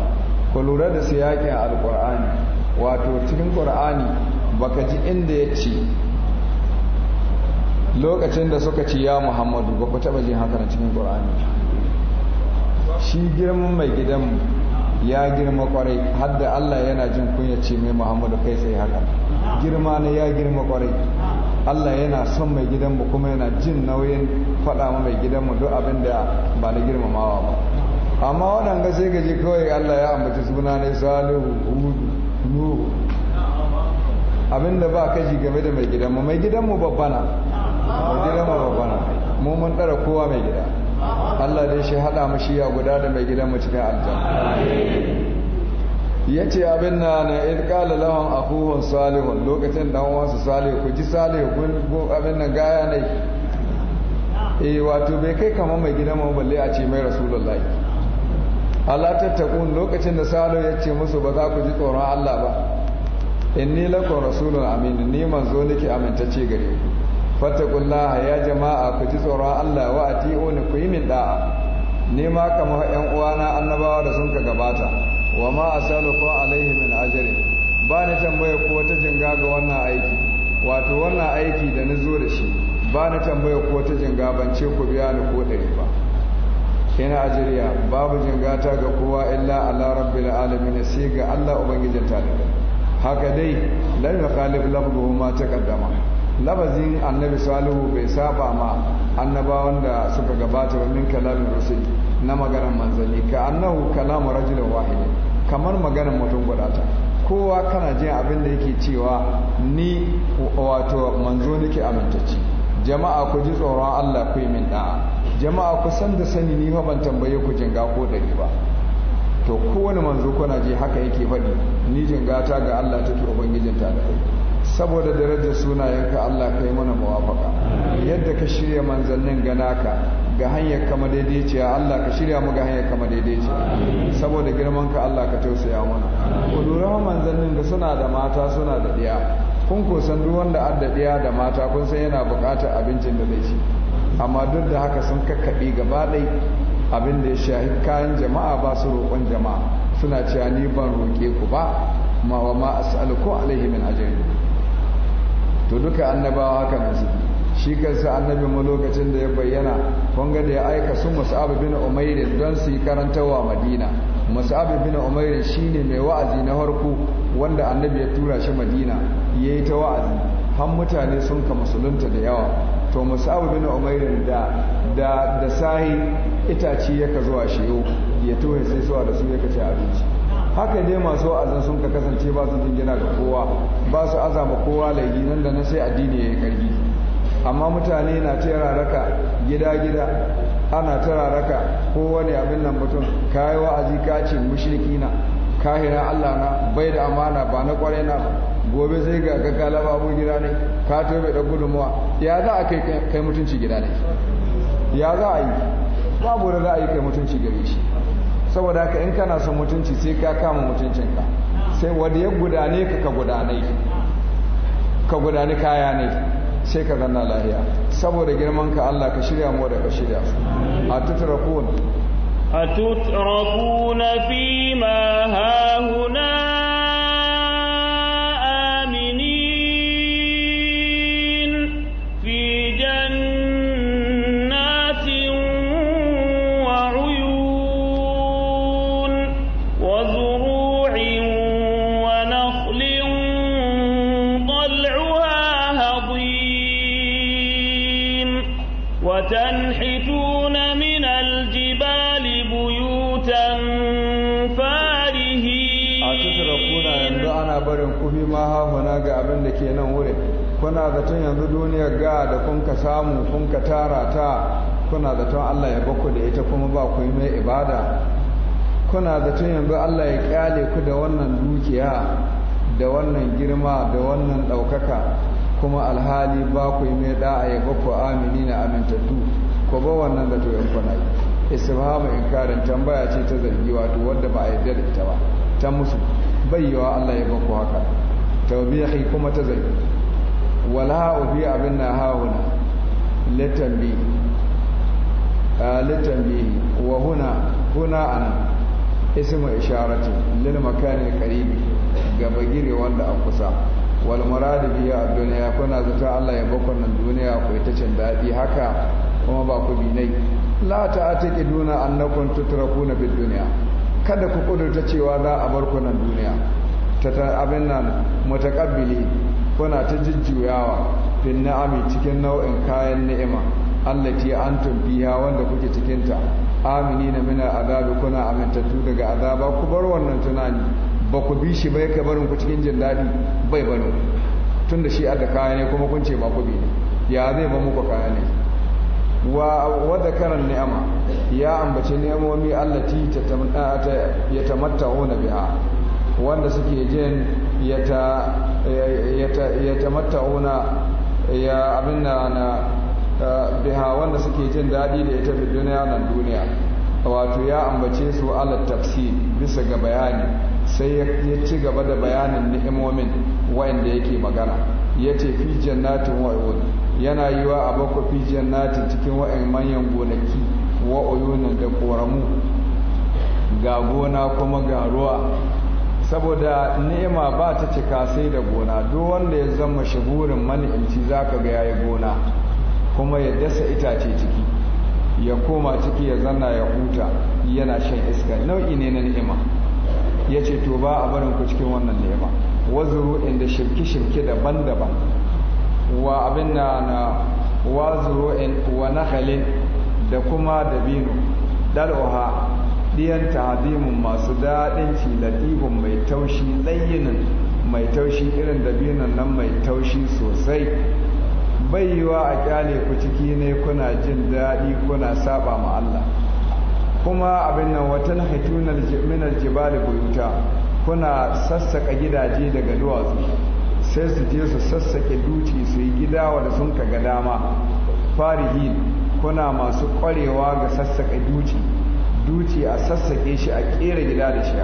ku lura da siyakin alƙur'ani wato cikin ba baka ji inda ya ce lokacin da suka ci ya muhammadu ba ku taba jin haka cikin qur'ani shi girman mai gidanmu ya girma kwarai hadda Allah yana jin kunya ce mai muhammadu kai sai haka girma ne ya girma kwarai Allah yana son mai gidanmu kuma yana jin nauyin faɗa mu mai gidanmu duk abin da ba na girmamawa ba amma waɗanda sai gaji kawai Allah ya ambaci suna ne salihu hudu nuhu abin da ba kaji game da mai gidanmu mai gidanmu na mai gidanmu na mu mun ɗara kowa mai gida Allah dai shi haɗa mu shi ya guda da mai gidanmu cikin aljanna ya ce abin na na irkala lawan ahuhun salihun lokacin da wasu salihu ku ji salihu abin na gaya ne e eh, wato bai kai kama mai gidan mu balle a ce mai rasulullahi Allah tattakun lokacin da salo ya ce musu ba za ku ji tsoron Allah ba In ni lakum rasulun Aminu, ni zo nake amintacce gare ku laha ya jama'a ku ji tsoron Allah wa ati'uni ku yi min da'a ni ma kamar uwana annabawa da sun ka gabata wa ma asalukum alaihi min ajiyar ba ni tambaya ko ta jinga ga wannan aiki wato wannan aiki da na zo da shi ba ni tambaya ko ta jinga ban ce ku biya ni ko ɗari ba a jiriya babu jingata ga kowa illa ala rabbil alamin sai ga Allah ubangijin talibai haka dai da kalib lafduhu ma kaddama. labazin annabi salihu bai saba ma annabawan da suka gabata ba min kalamin rusul na maganar manzanni ka annahu kalamu rajulin wahidin kamar maganar mutum guda ta kowa kana jin abin da yake cewa ni wato manzo nake amintacci jama'a ku ji tsoron Allah ku yi min da'a jama'a ku san da sani ni fa ban tambaye ku jinga ko dari ba to kowane manzo kuna ji haka yake faɗi ni jinga ta ga Allah take ubangijin ta da kai saboda darajar sunayenka Allah kai mana muwafaka yadda ka shirya manzannin ganaka ga hanyar kama daidaiciya Allah ka shirya mu ga hanyar kama daidaiciya saboda girman ka Allah ka tausaya mana ku lura manzannin da suna da mata suna da ɗiya kun ko san duk wanda adda ɗiya da mata kun san yana buƙatar abincin da zai ci amma duk da haka sun kakkaɓe gaba ɗai abin da ya shahi kayan jama'a ba su roƙon jama'a suna cewa ni ban roƙe ku ba ma wa ma as'aluku alaihi min ajrin to duka annabawa haka ne su shi kansa annabi mu lokacin da ya bayyana kunga da ya aika su mus'ab bin umair don su yi karantawa madina mus'ab bin umair shine mai wa'azi na farko wanda annabi ya tura shi madina yayi ta wa'azi har mutane sun ka musulunta da yawa to mus'ab bin umair da da da sahi itaci yaka zuwa yo ya tohe sai zuwa da su yaka ci abinci haka dai masu wa'azin sun ka kasance ba su jingina ga kowa ba su azama kowa laifi nan da na sai addini ya yi karfi amma mutane na ta raraka gida-gida ana ta raraka kowane abin nan mutum ka yi wa'azi ka ce mushriki na kahira allah na bai da amana ba na kwarai na gobe zai ga ka gida ne ka tobe da gudunmuwa ya za a kai mutunci gida ne ya za a yi babu da za a yi kai mutunci gare shi saboda haka in kana son mutunci sai ka kama mutuncinka sai wanda ya gudane ka ka gudane ka gudane kaya ne sai ka zanna lahiya saboda girman ka Allah ka shirya mu da ka shirya su a tutrakun a tutrakun fi ma hahuna وتنحتون من الجبال بيوتا فارهين أتتركون يندو أنا برن كفي ما هنا قابل لكي نوري kuna zaton yanzu duniyar ga da kun ka samu kun ka tara ta kuna zaton Allah ya baku da ita kuma ba ku yi mai ibada kuna zaton yanzu Allah ya kyale ku da wannan dukiya da wannan girma da wannan ɗaukaka kuma alhali ba ku yi mai a ya ku amini na amintattu ko ba wannan da toyon kuna yi in inkarin tambaya ce ta zargi wato wadda ba a yi da ta ba ta musu bayyawa Allah ya baku haka tawbihi kuma ta zargi wala ubi abin na hauna litambi litambi wa huna huna ana ismu isharatu lil makani karibi ga bagire wanda a kusa wal muradu a duniya kuna zata Allah ya bakon nan duniya ku ita cin daɗi haka kuma ba ku bi nai la ta ta'atiki duna annakum tutrakuna bid duniya kada ku kudurta cewa za a bar ku nan duniya ta ta abin nan mutakabbili kuna ta jujjuyawa bin na'ami cikin nau'in kayan ni'ima allati antum biha wanda kuke cikin ta amini na mina azabi kuna amintattu daga azaba ku bar wannan tunani ba ku bi shi bai ka barin ku cikin jin daɗi bai bano tun da shi aka kaya ne kuma kun ce ba ku bi ne ya zai ba muku kaya ne wa wadda karan ni'ama ya ambaci ni'amomi allati ya tamatta ona biya wanda suke jin ya tamatta ona ya abin na na biha wanda suke jin daɗi da ita fi duniya nan duniya wato ya ambace su ala tafsir bisa ga bayani sai ya ci gaba da bayanin ni'imomin wa'anda yake magana ya ce fi jannatin wa'ayun yana yi wa abako fi jannatin cikin wa'in manyan gonaki wa da koramu ga gona kuma ga ruwa saboda ni'ima ba ta cika sai da gona duk wanda ya zama shagurin mani'imci zaka ga yayi gona kuma ya dasa itace ciki ya koma ciki ya zanna ya huta yana shan iska nau'i ne na ni'ima ya ce to ba a barin ku cikin wannan lema wazuru inda shirke-shirke daban-daban wa abin da na wazuru wa nahalin da kuma dabino dal'uha ɗiyan tahadimin masu daɗin ci latifin mai taushi layinin mai taushi irin dabinon nan mai taushi sosai bai yiwa a kyale ku ciki ne kuna jin daɗi kuna saba ma Allah kuma abin nan watan haitunar minar jibali buyuta kuna sassaka gidaje daga duwatsu sai su je su sassake duci su yi gida wadda sun kaga dama farihin kuna masu ƙwarewa ga sassaka duci duci a sassake shi a kera gida da shi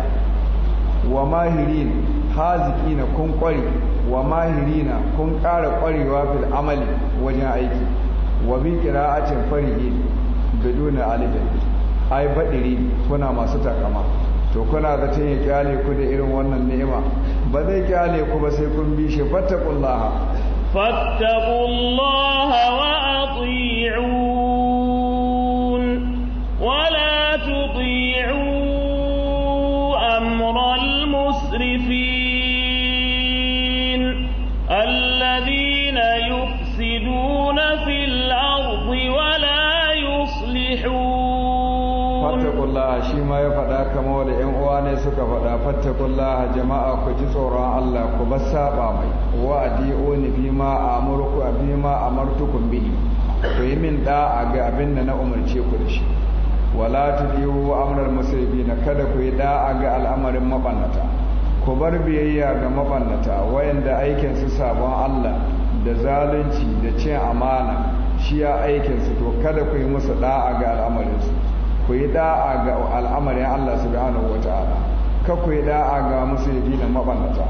wa mahirin haziki na kun kware wa mahirina kun ƙara ƙwarewa fil amali wajen aiki wa bi qira'atin farihin na alifin ai baɗiri kuna masu takama to kuna da ta yi kyale ku da irin wannan ni'ima ba zai kyale ku ba sai kun bi shi fattakullaha fattakullaha wa kamar da yan uwa ne suka faɗa a jama'a ku ji tsoron Allah ku bar saba mai wa adi'uni bima amurku bima amartukum bihi ku yi min a ga abin da na umarce ku da shi wala tudiyu amral na kada ku yi a ga al'amarin mabannata ku bar biyayya ga mabannata wayanda aikin su sabon Allah da zalunci da cin amana shi ya aikin su to kada ku yi musu a ga al'amarin su ku yi da'a ga al'amarin Allah subhanahu ta'ala ka ku yi da'a ga musulmi da mabannata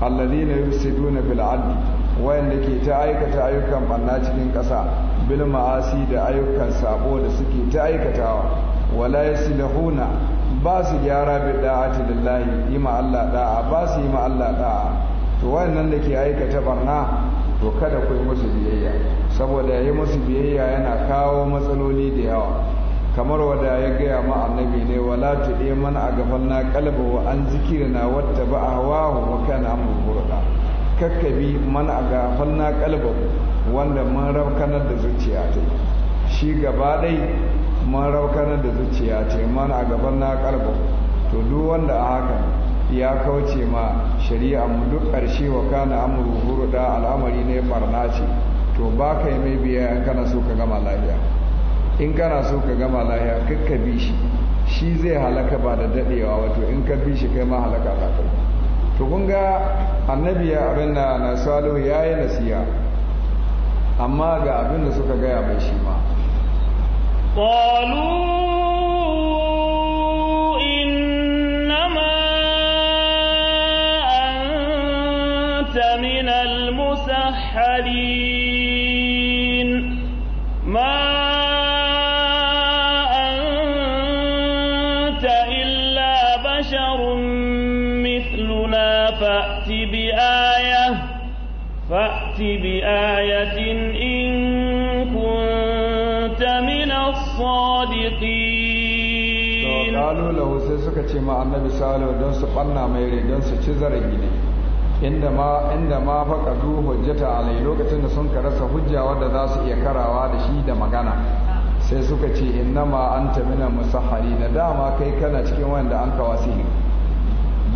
alladhina yufsiduna bil adli wayanda ke ta aikata ayyukan banna cikin ƙasa bil ma'asi da ayyukan sabo da suke ta aikatawa wala lahuna. ba su gyara bi da'ati lillahi yi ma Allah da'a ba su yi ma Allah da'a to wayannan da ke aikata barna to kada ku musu biyayya saboda yi musu biyayya yana kawo matsaloli da yawa kamar wada ya gaya ma annabi ne wala tu iman a gaban na kalba wa an zikirna wata ba a wahu wa na amin burda kakkabi man a gaban na kalba wanda man raukanar da zuciya ta shi gaba dai man raukanar da zuciya ta man a gaban na kalba to duk wanda a haka ya kauce ma shari'a mu duk ƙarshe wa kana amuru burda al'amari ne farnaci to ba ka yi mai biya kana so ka gama lafiya in kana so ka gama lahiya kakka bi shi shi zai halaka ba da dadewa wato in ka bi shi kai ma halaka ba kai to kun ga annabi ya abin da na salo ya yi nasiya amma ga abin da suka gaya bai shi ma ce ma annabi salihu don su ɓanna mai rai don su ci zarafi ne inda ma inda ma faka du hujjata alai lokacin da sun ka rasa hujja wanda za su iya karawa da shi da magana sai suka ce innama anta minal musahhari da dama kai kana cikin wanda an ka sihiri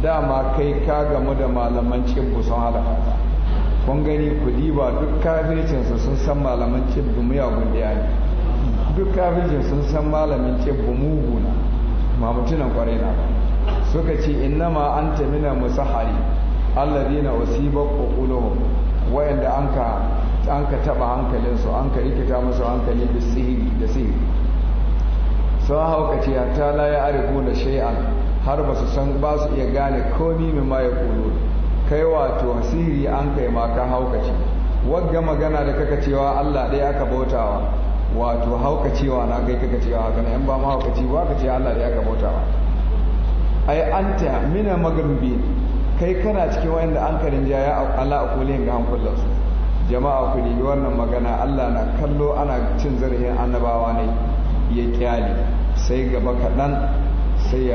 dama kai ka gamu da malaman cibbu sun halaka kun gani ku diba duk su sun san malaman cibbu miyagun da ne duk kafircin sun san malamin cibbu muguna ma mutunan kwarai na ba suka ce innama anta mina musahari alladina usibat quluhum wayanda an ka taba hankalinsu ka rikita musu hankali da sihiri da sihiri sun haukace hatta la ya arifu da shay'an har ba su san ba su iya gane komi mai ma ya kai wato sihiri an kai ma ka haukace wagga magana da kaka cewa Allah ɗaya aka bautawa wato haukacewa na kai kaka cewa haka in ba mahaukaci ba ka ce Allah da ya kabauta ba ai anta mina magambi kai kana cikin wayan da an karin jaya Allah a kulin ga hankulan su jama'a ku yi wannan magana Allah na kallo ana cin zarafin annabawa ne ya kyale sai gaba kaɗan sai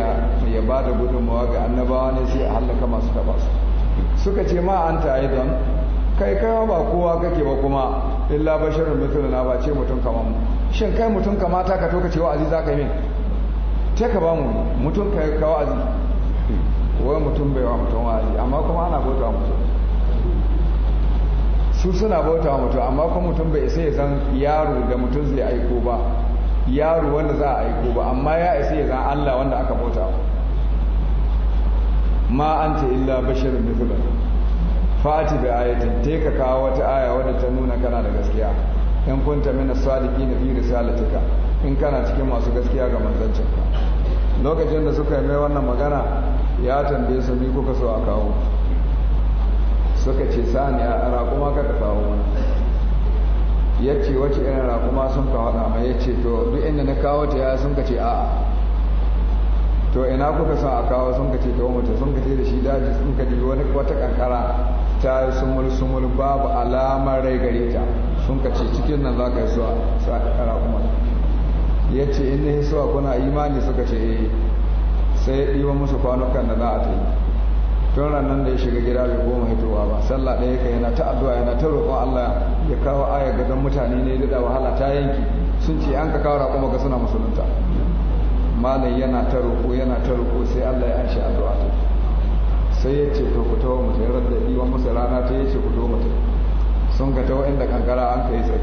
ya ba da gudunmawa ga annabawa ne sai ya hallaka masu taɓa su suka ce ma an ta don kai kai ba kowa kake ba kuma illa basharun mithluna ba ce mutum kamar mu shin kai mutum kamata ka to ka ce wa'azi zaka yi min te ka ba mu mutum ka ka wa'azi wai mutum bai wa mutum wa'azi amma kuma ana bauta wa mutum su suna bauta wa mutum amma kuma mutum bai isa ya zan yaro da mutum zai aiko ba yaro wanda za a aiko ba amma ya isa ya zan Allah wanda aka bauta ma an ta illa basharun mithluna fati bi ayatin te ka kawo wata aya wadda ta nuna kana da gaskiya in kunta mina sadiki na fi risalatika in kana cikin masu gaskiya ga manzancinka lokacin da suka yi mai wannan magana ya tambaye su ni kuka so a kawo suka ce sani a raƙuma ka kawo mana ya ce wace irin raƙuma sun ka na mai ya ce to duk inda na kawo ta ya sun ka ce a'a to ina kuka son a kawo sun ka ce ta wamace sun ka ce da shi daji sun ka ji wani wata kankara ta yi sumul-sumul babu alamar rai gare ta sun ka ce cikin nan za ka yi suwa kara kuma ya ce in na hisuwa kuna imani suka ce eh sai ya ɗiwa musu kwanukan da za a ta yi tun ranar da ya shiga gida bai goma hitowa ba sallah ɗaya ka yana ta addu'a yana ta roƙon allah ya kawo aya ga don mutane ne da wahala ta yanki sun ce an ka kawo raƙon ga suna musulunta malam yana ta roƙo yana ta roƙo sai allah ya an shi addu'a ta sai ya ce da rana ta yake ku mutum sun ka tawo inda kankara an kai tsaye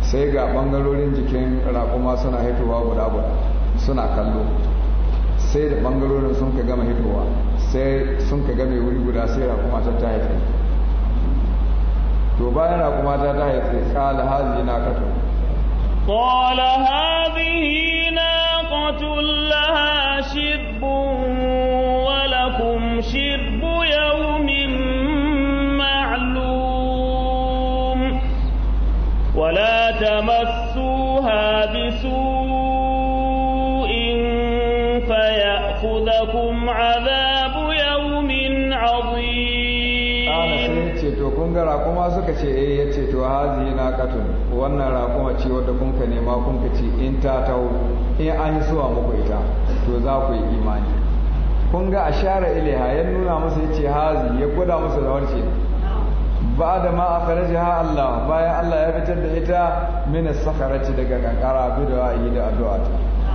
sai ga bangarorin jikin raƙuma suna hitowa guda guda suna kallo sai da bangarorin sun ka gama hitowa sai sun ka gama wuri guda sai raƙuma ta ta haife to bayan raƙuma ta ta haife kala hazi na kato قال هذه ناقة لها شرب ce eh ya ce to hazi na katun wannan raƙuma ce wadda kun ka nema kun ka ce in ta taho in an yi suwa muku ita to za ku yi imani kun ga ashara ilaiha ya nuna musu ya ce hazi ya gwada musu da warce ba da ma a ha Allah bayan Allah ya fitar da ita mina sakarati daga kankara bidawa yi da addu'a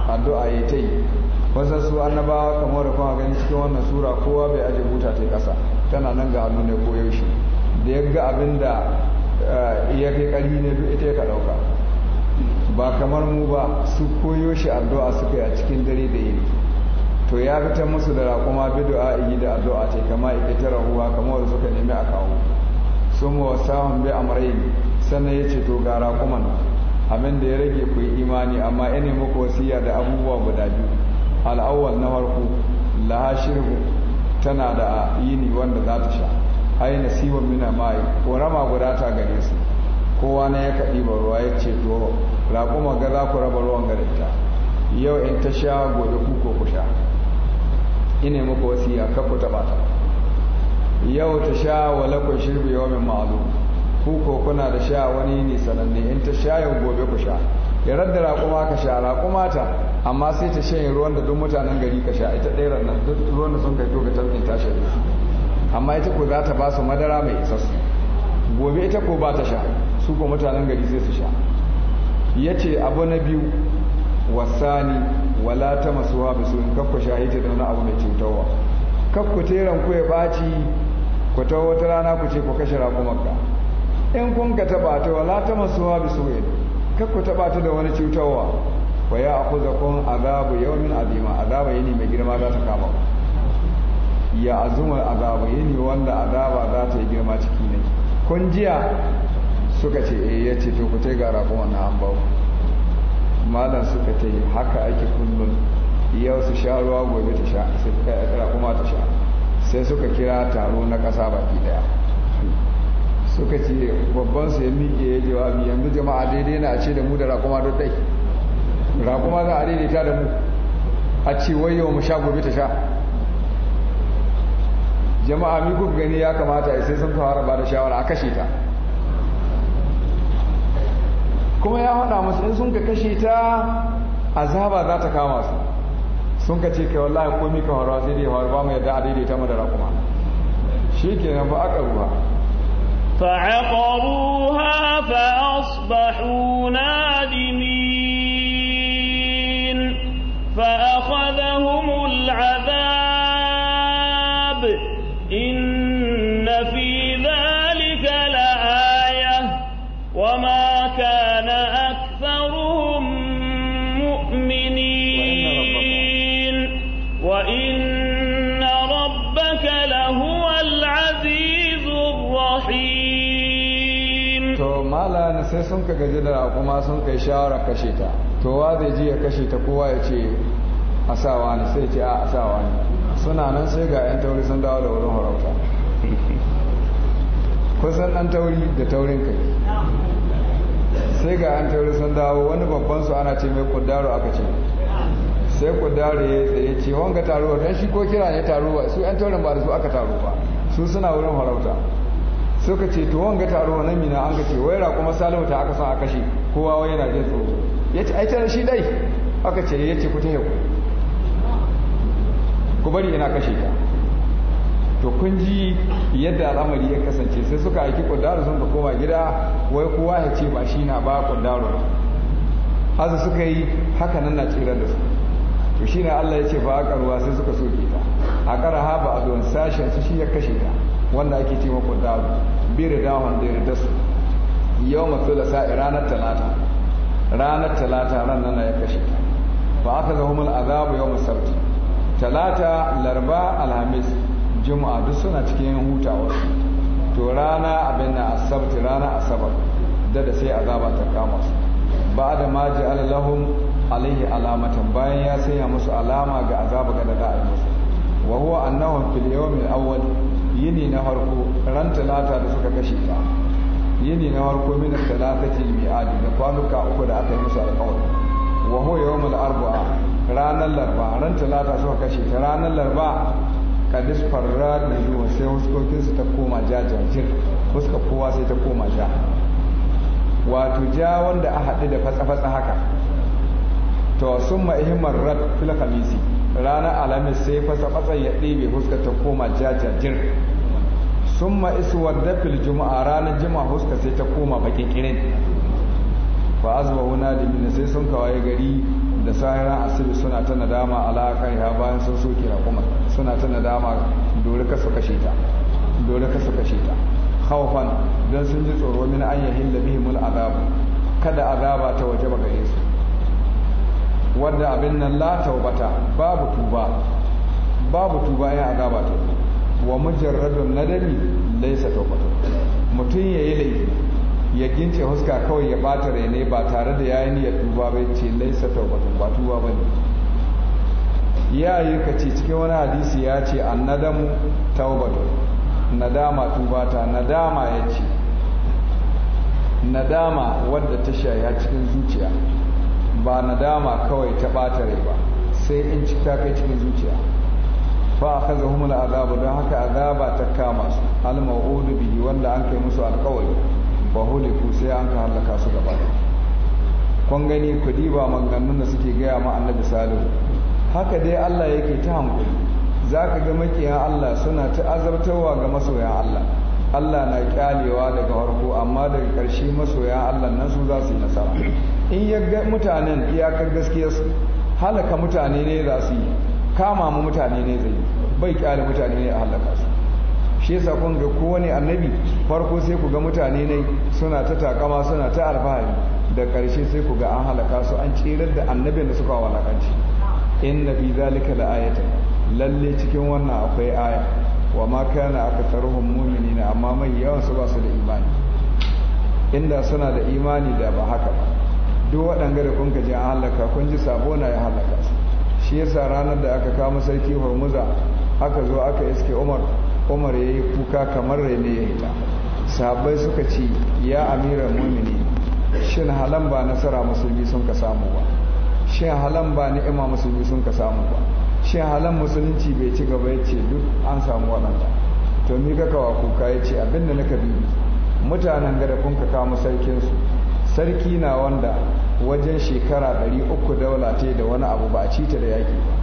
addu'a yi ta yi wasu su annabawa kamar da kuma gani cikin wannan sura kowa bai ajiye buta ta ƙasa tana nan ga hannu ne yaushe. da ya ga abin da eh, ya kai kari ne ita ya ka ɗauka ba kamar mu ba su koyo shi addu'a suka yi a cikin dare da yi to ya fitar musu da raƙuma bidu'a yi da addu'a ce kama ikitar rahuwa kamar wanda suka nemi a kawo su mu wa samun bi marayi sannan ya ce to ga raƙuman abin da ya rage ku imani amma ina muku wasiya da abubuwa guda biyu al'awwal na farko lahashirku tana da yini wanda za ta sha ai nasiban mina mai korama guda ta gare su kowa na ya kaɗi ba ruwa ya ce to raƙuma ga za ku raba ruwan gare ta yau in ta sha gobe ku ko ku sha ina muku wasiya kar ku taɓa ta yau ta sha wala ku shirbe yau min ma'alu ku ko kuna da sha wani ne sananne in ta sha yau gobe ku sha ya radda raƙuma ka sha raƙuma ta amma sai ta shanye ruwan da duk mutanen gari ka sha ita ɗaya nan duk ruwan da sun kai to ga tafkin tashi da su amma ita ko za ta ba su madara mai isassu gobe ita ko ba ta sha su ko mutanen gari sai su sha ya ce abu na biyu wasani wala ta masuwa bisu in sha ita da wani abu mai cutarwa kakko teran ku ya ɓaci ku ta wata rana ku ce ku kashe raƙumarka in kun ka taba ta wala ta masuwa bisu ya kakko taba ta da wani cutarwa wa ya aku zakon azabu yawmin azima azaba yini mai girma za ta kama ku ya azuma azaba yini wanda azaba za ta yi girma ciki ne kun jiya suka ce eh ya ce to ku tai ga rago wannan an bawo malam suka ce haka ake kullun yau su sha ruwa gobe ta sha sai kira kuma ta sha sai suka kira taro na ƙasa baki daya suka ce babban su ya miƙe ya jawabi yanzu jama'a daidai na a ce da mu da raƙuma don ɗai raƙuma za a daidaita da mu a ce wai yau mu sha gobe ta sha jama'a mi kuka gani ya kamata sai sun fara ba da shawara a kashe ta kuma ya hada musu in sun ka kashe ta azaba za ta kama su sun ka ce kai wallahi komi ka faruwa sai dai faruwa mai yadda a daidaita madara kuma shi ke nan ba aka ruwa فعقروها فأصبحوا نادمين فأخذهم العذاب sai sun ka gaji da kuma sun kai shawara kashe ta to wa zai ji ya kashe ta kowa ya ce a sawa ne sai ce a sawa ne suna nan sai ga 'yan tauri sun dawo da wurin harauta kusan an tauri da taurin kai sai ga 'yan tauri sun dawo wani babban su ana ce mai kudaro aka ce sai kudaro ya tsaye ce wanga taruwa don shi ko kira ne taruwa su 'yan taurin ba da su aka taru ba su suna wurin harauta suka ce to wanga taro na mina an ga ce wai raƙuma salihu ta aka san a kashe kowa wai yana jin tsoro ya ce tana shi dai aka ce ya ce ku ta yau ku bari ina kashe ta to kun ji yadda al'amari ya kasance sai suka aiki kundaro sun ka koma gida wai kowa ya ce ba shi na ba kundaro haza suka yi haka nan na tsirar da su to shi ne allah ya ce ba aka ruwa sai suka soke ta a ƙara haba a don sashen su shi ya kashe ta wanda ake ce ma kundaro biri dawon da yarda su yau matsala sa'i ranar talata ranar talata ran nana ya kashe ta fa aka ga humul azabu yau musabti talata larba alhamis juma'a duk suna cikin hutawa to rana abin na asabti rana asabar da da sai azaba ta kama su ba da ma ji alalahun alaihi alamatan bayan ya sanya musu alama ga azaba ga da za a yi musu wa huwa annahum fil yawmil awwal yini na harko ran talata da suka kashe ta yini na harko min talatati mi'adi da kwanuka uku da aka yi musu alƙawari wa huwa yawmul arba'a ranar larba ran talata suka kashe ta ranar larba kadis disfarra da yiwa sai huskokin su ta koma ja jajir huska kowa sai ta koma ja wato ja wanda a haɗu da fatsa-fatsa haka to sun ma'ihimmar rad fila khamisi ranar alamis sai fasa fatsan ya ɗebe huska ta koma jajajir sun ma isuwar dafil juma'a ranar juma'a huska sai ta koma bakin kirin a azba huna da bin sai sun kawai gari da sahiran asibi suna ta nadama alaƙar ya bayan sun soke kuma suna ta nadama dole ka su kashe ta dole ka su kashe ta haufan don sun ji tsoro min an da bihimul azabu kada azaba ta waje ba gare su wadda abin nan la taubata babu tuba babu tuba ya azaba ta wa mujarradun nadami laysa taubata mutum yayi laifi ya gince huska kawai ya bata rene ba tare da yayin ya tuba bai ce laysa taubata ba tuba bane ya yi ka ce cikin wani hadisi ya ce annadamu taubatu nadama tubata nadama ya ce nadama wadda ta shaya cikin zuciya ba nadama kawai ta ɓata rai ba sai in ci kai cikin zuciya fa aka kaza mula azabu don haka azaba ta kama su alma'udu bihi wanda an kai musu alkawari ba huliku sai an ka halaka su gaba kun gani ku diba maganganun da suke gaya ma annabi salihu haka dai Allah yake ta hankali zaka ga makiyan Allah suna ta azabtarwa ga masoyan Allah Allah na kyalewa daga farko amma daga ƙarshe masoya Allah nan su za su yi nasara in ya ga mutanen iyakar gaskiyar su halaka mutane ne za su yi kama mu mutane ne zai bai kyale mutane ne a halaka su shi yasa kun ga kowane annabi farko sai ku ga mutane ne suna ta takama suna ta alfahari da ƙarshe sai ku ga an halaka su an tsirar da annabi da suka walakanci inna fi zalika la lalle cikin wannan akwai aya wa ma kana mumini mu'minina amma mai yawan su ba da imani inda suna da imani da ba haka ba duk waɗanda da kun ji an halaka kun ji sabo na ya halaka su shi yasa ranar da aka kama sarki hormuza aka zo aka iske umar umar ya kuka kamar raine ya hita sahabbai suka ci ya amira mumini shin halan ba nasara musulmi sun ka samu ba shin halan ba ni'ima musulmi sun ka samu ba shin halan musulunci bai ci gaba ya ce duk an samu waɗanda to mi ka kawa kuka ya ce abinda na bi mutanen gada kun ka kama sarkinsu sarki na wanda wajen shekara 300 daula ta da wani abu ba a cita da yaki ba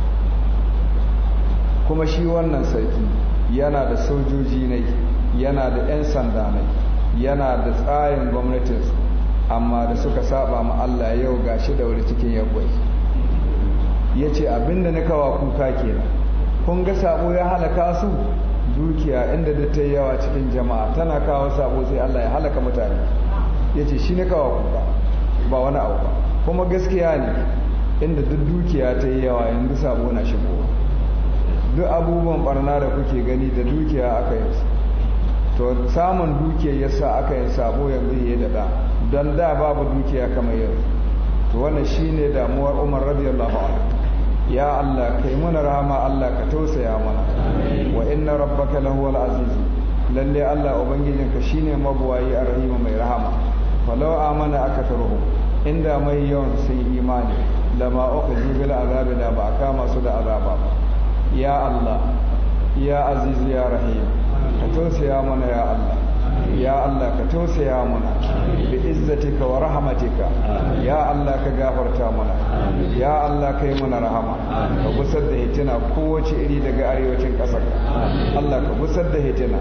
kuma shi wannan sarki yana da sojoji ne yana da 'yan sanda ne yana da tsarin gwamnatinsu amma da suka saba ma Allah yau gashi da wuri cikin yaƙwai ya ce abinda na kawa kuka kenan kun ga sabo ya halaka su dukiya inda da ta yawa cikin jama'a tana kawo sabo sai Allah ya halaka mutane ya ce shi na kawa kuka ba wani abu ba kuma gaskiya ne inda duk dukiya ta yi yawa yanzu sabo na shigo duk abubuwan barna da kuke gani da dukiya aka yi to samun dukiya ya sa aka yi sabo yanzu ya da don da babu dukiya kamar yanzu to wannan shine damuwar Umar radiyallahu anhu ya Allah kai mana rahama Allah ka tausaya mana wa inna rabbaka lahuwal aziz lalle Allah ubangijinka shine mabuwayi arhima mai rahama falau amana akatharuhum inda mai yawan sun imani lama ukhzi bil azabi da ba kama su da azaba ya Allah ya aziz ya rahim ka tausaya mana ya Allah ya Allah ka tausaya muna bi izzatika wa rahmatika ya Allah ka gafarta muna ya Allah kai muna rahama ka gusar da hitina kowace iri daga arewacin ƙasar Allah ka gusar da hitina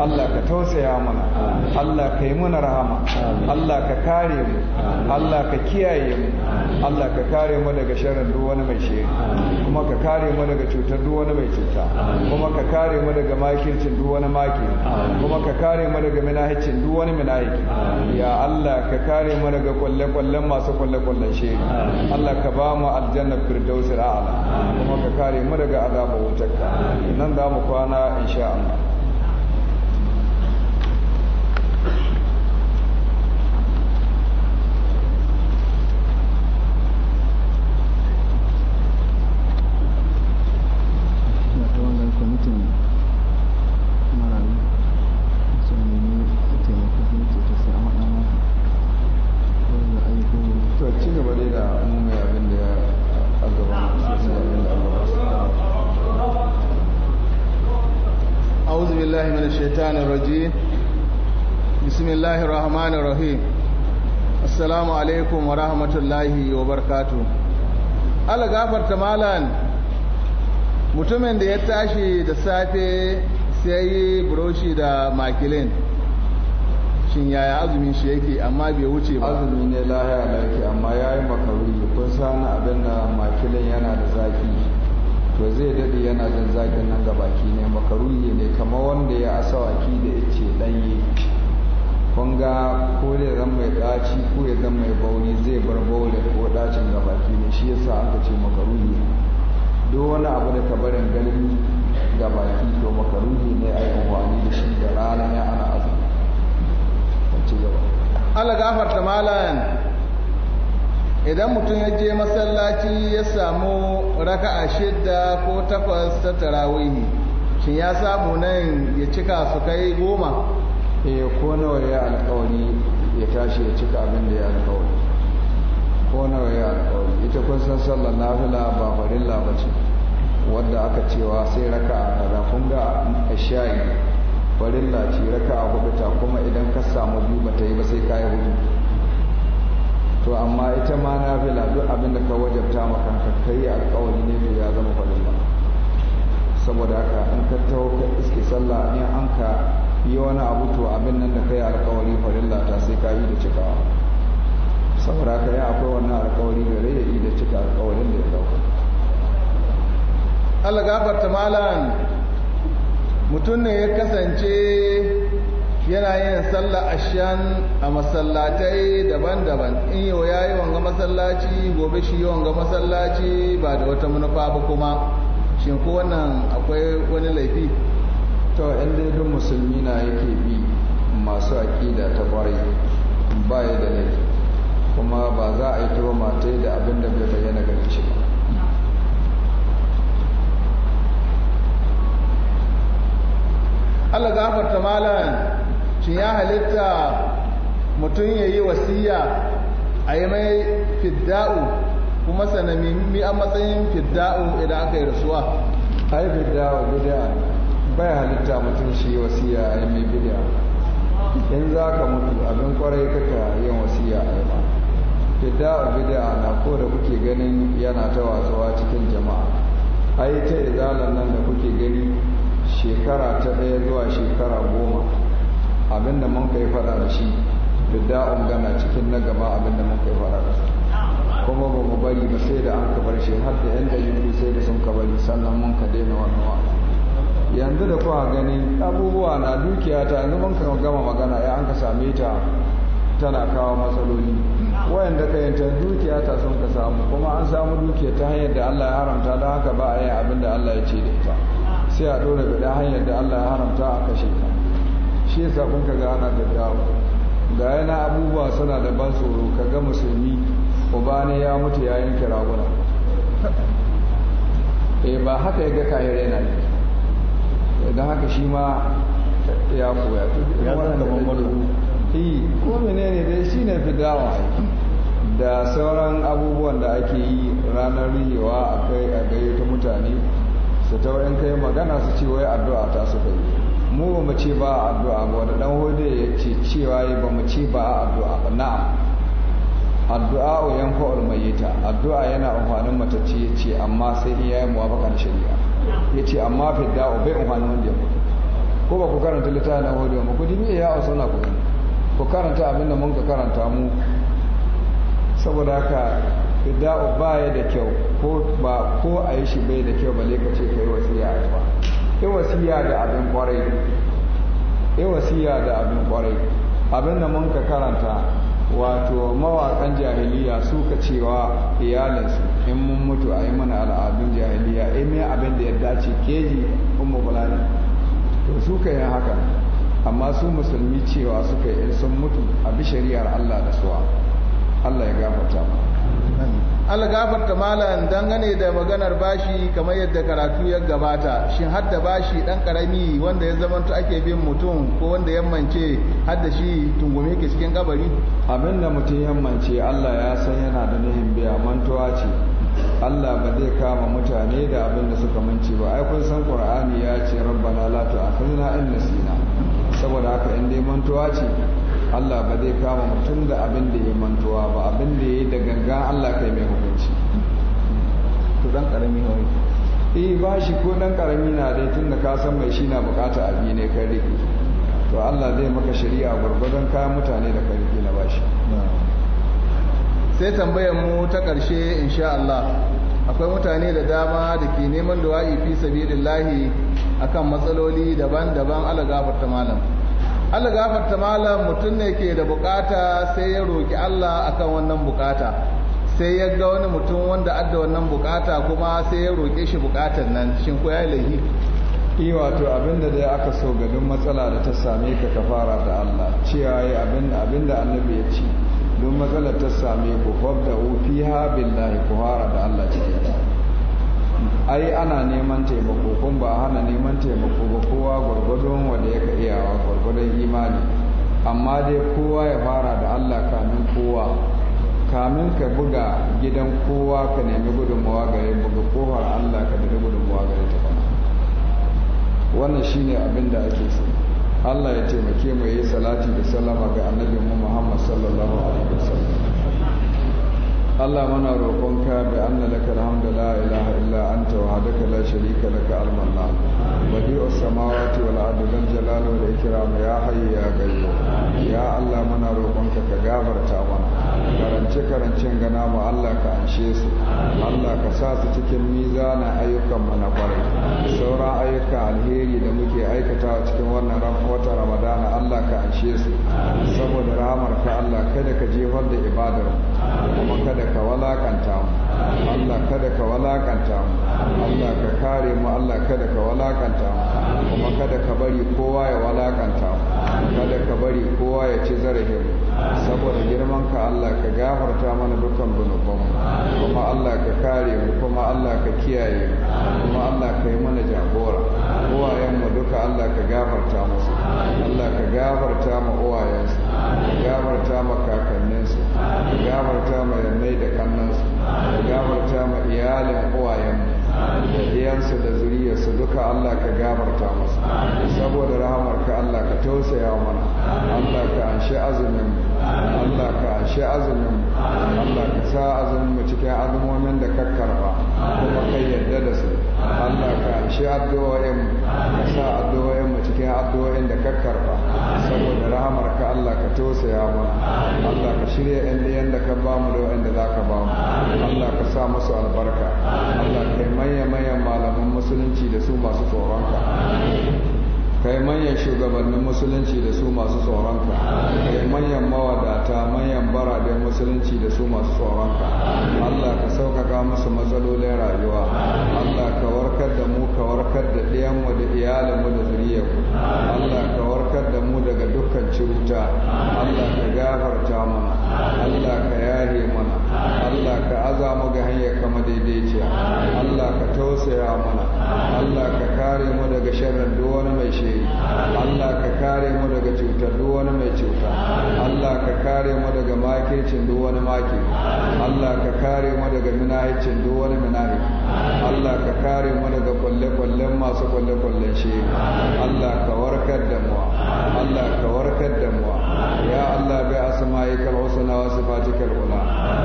Allah ka tausaya muna Allah kai muna rahama Allah ka kare mu Allah ka kiyaye mu Allah ka kare mu daga sharrin duk wani mai shiri kuma ka kare mu daga cutar duk wani mai cuta kuma ka kare mu daga makircin duk wani maki kuma ka kare mu daga daga minahicin duk wani minahic ya Allah ka kare mu daga kwalle-kwallen masu kwalle-kwallen shi Allah ka ba mu aljanna firdausi a'ala kuma ka kare mu daga azabar wutarka nan za mu kwana insha Allah الرجيم بسم الله الرحمن الرحيم ala gafarta malan mutumin da ya tashi da safe sai yi buroshi da makilin shin yaya azumin shi yake amma bai wuce ba azumi to zai daɗe yana jin zakin nan ga baki ne makaruni ne kama wanda ya asawaki da ya ce ɗanye kun ga ko da zan mai ɗaci ko ya zan mai bauni zai bar bauli ko ɗacin ga baki ne shi yasa aka ce makaruni duk wani abu da tabarin ganin ga baki to makaruni ne a yi amfani da shi da rana ya ana azumi ci gaba Allah gafarta malayan idan mutum ya je masallaci ya samu raka raka'a shidda ko takwas ta tarawihi shi ya samu nan ya cika su kai goma ya eh, ko nawa ya alƙawari ya tashi ya cika abin da ya alƙawari ko nawa ya alƙawari ita kun san sallar Fila ba farilla ba wadda aka cewa sai raka a kun ga isha'i farilla ce raka a kuma idan ka samu biyu ba ta yi ba sai ka yi hudu to amma ita ma nafila duk abin da ka wajabta maka ka a kawai ne to ya zama fadilla saboda haka in ka taho ka iske sallah in an ka yi wani abu to abin nan da kai alkawari fadilla ta sai ka yi da cikawa saboda haka ya akwai wannan alkawari da rai yi da cika alkawarin da ya dauka Allah gafarta malam mutum ne ya kasance yana yin sallah ashan a masallatai daban-daban in yau ya yi wanga masallaci gobe shi yi wanga masallaci ba da wata manufa ba kuma shin ko wannan akwai wani laifi to yan daidun musulmi na yake bi masu aƙida ta kwarai ba ya da laifi kuma ba za a yi kiwa matai da abin da bai bayyana gare shi ba Allah gafarta malam shi ya halitta mutum ya yi wasiya a yi mai fidda'u kuma sanamimi a matsayin fidda'u idan aka yi rasuwa a yi fidda'u bidiya bai halitta mutum shi yi wasiya a yi mai in za ka mutu abin kwarai kaka yin wasiya a yi ma fidda'u bidiya na ko da kuke ganin yana ta wasuwa cikin jama'a ai ta izalan nan da kuke gani shekara ta ɗaya zuwa shekara goma abinda mun kai fara da shi da gana cikin na gaba abinda mun kai fara da shi kuma ba mu bari ba sai da an kabar shi har da yan dalili sai da sun bari sannan mun ka daina wannan wa yanzu da kuwa gani abubuwa na dukiya ta yanzu mun gama magana ya an ka same ta tana kawo matsaloli wayanda kayanta dukiya ta sun ka samu kuma an samu dukiya ta hanyar da Allah ya haramta don haka ba a yi abin da Allah ya ce da ita sai a dora da hanyar da Allah ya haramta a kashe ta shi yasa kun kaga ga ana daddawa ga yana abubuwa suna da ban tsoro kaga ga musulmi uba ne ya mutu ya yanke raguna eh ba haka ya ga kahir yana ne. don haka shi ma ya koya ya zanga bambam yi ko ne dai shi ne fi dawa da sauran abubuwan da ake yi ranar rihewa a kai a gayyato mutane su ta kai magana su ce wai addu'a ta su kai mu ba mu ce ba a addu'a ba wani dan hode ya ce cewa ba mu ce ba a addu'a ba na addu'a o yanfa ulmayita addu'a yana amfanin matacce ya ce amma sai in yayi da shari'a ya ce amma fidda o bai amfanin wanda ya mutu ko ba ku karanta littafin na hode ba ku dimi ya usuna ku ku karanta abin da mun ka karanta mu saboda haka fidda o baya da kyau ko ba ko a yi shi bai da kyau bale ka ce kai wasiya a ba yi wasiya da abin kwarai da abin kwarai abin da mun ka karanta wato mawakan jahiliya suka cewa iyalinsu in mun mutu a yi mana al'adun jahiliya in eh, mai abin da ya dace keji umma bulani to suka yi haka amma su musulmi cewa suka yi sun mutu a bi shari'ar allah da suwa allah ya gafarta mu algafarta malam dangane da maganar bashi kamar yadda karatu ya gabata shin hadda bashi dan karami wanda ya zamanta ake bin mutum ko wanda yammance hadda shi tungume ke cikin kabari abin da mutum yammance Allah ya san yana da nihin biya mantuwa ce Allah ba zai kama mutane da abin da suka mance ba ai kun san Qur'ani ya ce rabbana la tu'akhidna in nasina saboda haka in dai mantuwa ce Allah ba zai kama mutum da abin da ya mantuwa ba abin da ya yi da ganga Allah kai mai hukunci to ɗan ƙarami hori. eh ba shi ko ɗan ƙarami na dai tun da ka san mai shi na bukata abi ne kai rike to Allah zai maka shari'a gurgurdan ka mutane da kai rike na bashi sai tambayar mu ta ƙarshe, insha Allah akwai mutane da dama da ke neman wa'i fi a akan matsaloli daban-daban ala gafarta malam Allah gafarta malam mutum ne ke da bukata sai ya roki Allah akan wannan bukata sai ya ga wani mutum wanda adda wannan bukata kuma sai ya roke shi bukatar nan shin ko ya lahi yi eh, wato abinda da aka so ga duk matsala da ta same ka ka fara da Allah cewa yi abinda annabi ya ce duk matsalar ta same ku fabda ufiha billahi ku fara da Allah cikin ai ana neman taimako kun ba hana neman taimako ba kowa gwargwadon wanda ya ka wa gwargwadon imani amma dai kowa ya fara da allah kamin kowa kamin ka buga gidan kowa ka nemi gudunmawa gare buga kofar allah ka nemi gudunmawa gare ta kwana wannan shine abin da ake so allah ya taimake mu yi salati da salama ga mu muhammad sallallahu alaihi wasallam Allah mana roƙonka bi anna laka alhamdu la ilaha illa anta wahdaka la sharika laka al-mannan badi'u samawati wal ardi dal jalali wal ikram ya hayyu ya qayyum ya Allah mana roƙonka ka gafarta mana karance-karancen gana mu Allah ka anshe su Allah ka sa su cikin mizana ayyukan mu na kwarai sauran ayyuka alheri da muke aikatawa cikin wannan wata ramadana Allah ka anshe su saboda rahamar ka Allah kada ka jefar da ibadar kuma kada ka walakanta mu Allah kada ka walakanta mu Allah ka kare mu Allah kada ka walakanta mu kuma kada ka bari kowa ya walakanta mu kada ka bari kowa ya ce zarafin saboda girman ka Allah ka gafarta mana dukkan zunuban kuma Allah ka kare mu kuma Allah ka kiyaye mu kuma Allah ka yi mana jagora uwayenmu duka Allah ka gafarta musu Allah ka gafarta mu uwayen su gafarta mu kakannin su gafarta ma yannai da kannansu gafarta ma iyalin uwayenmu. iyansu da zuriyarsu duka Allah ka gabarta masu. saboda rahamar ka Allah ka tausaya mana Allah ka anshi azumin Allah ka anshi azumin Allah ka sa azumin mu cikin azumomin da ka karba kuma ka yarda da su Allah ka anshi addu'o'in ka sa addu'o'in mu cikin addu'o'in da ka karba saboda rahamar ka Allah ka tausaya ba Allah ka shirya yan ɗiyan da ka ba mu da wa'anda za ka ba mu Allah ka sa masu albarka Allah ka yi manya manyan malaman musulunci da su masu tsoronka kai manyan shugabannin musulunci da su masu tsoronka kai manyan mawadata manyan baradin musulunci da su masu tsoronka Allah ka sauƙaƙa musu matsalolin rayuwa Allah ka warkar da mu ka warkar da ɗiyanmu da iyalinmu da zuriyarmu Allah ka warkar da mu daga dukkan ciruta Allah ka gafarta mana Allah ka yare mana Allah ka aza mu ga hanyar kama daidaiciya Allah ka tausaya mana Allah ka kare mu daga sharrin duk wani mai shehi Allah ka kare mu daga cutar duk wani mai cuta Allah ka kare mu daga makircin duk wani maki Allah ka kare mu daga minahicin duk wani minahi Allah ka kare mu daga kwalle-kwallen masu kwalle-kwallen shehi Allah ka warkar da mu Allah ka warkar da mu ya Allah bai asma'ikal na wasu faci ula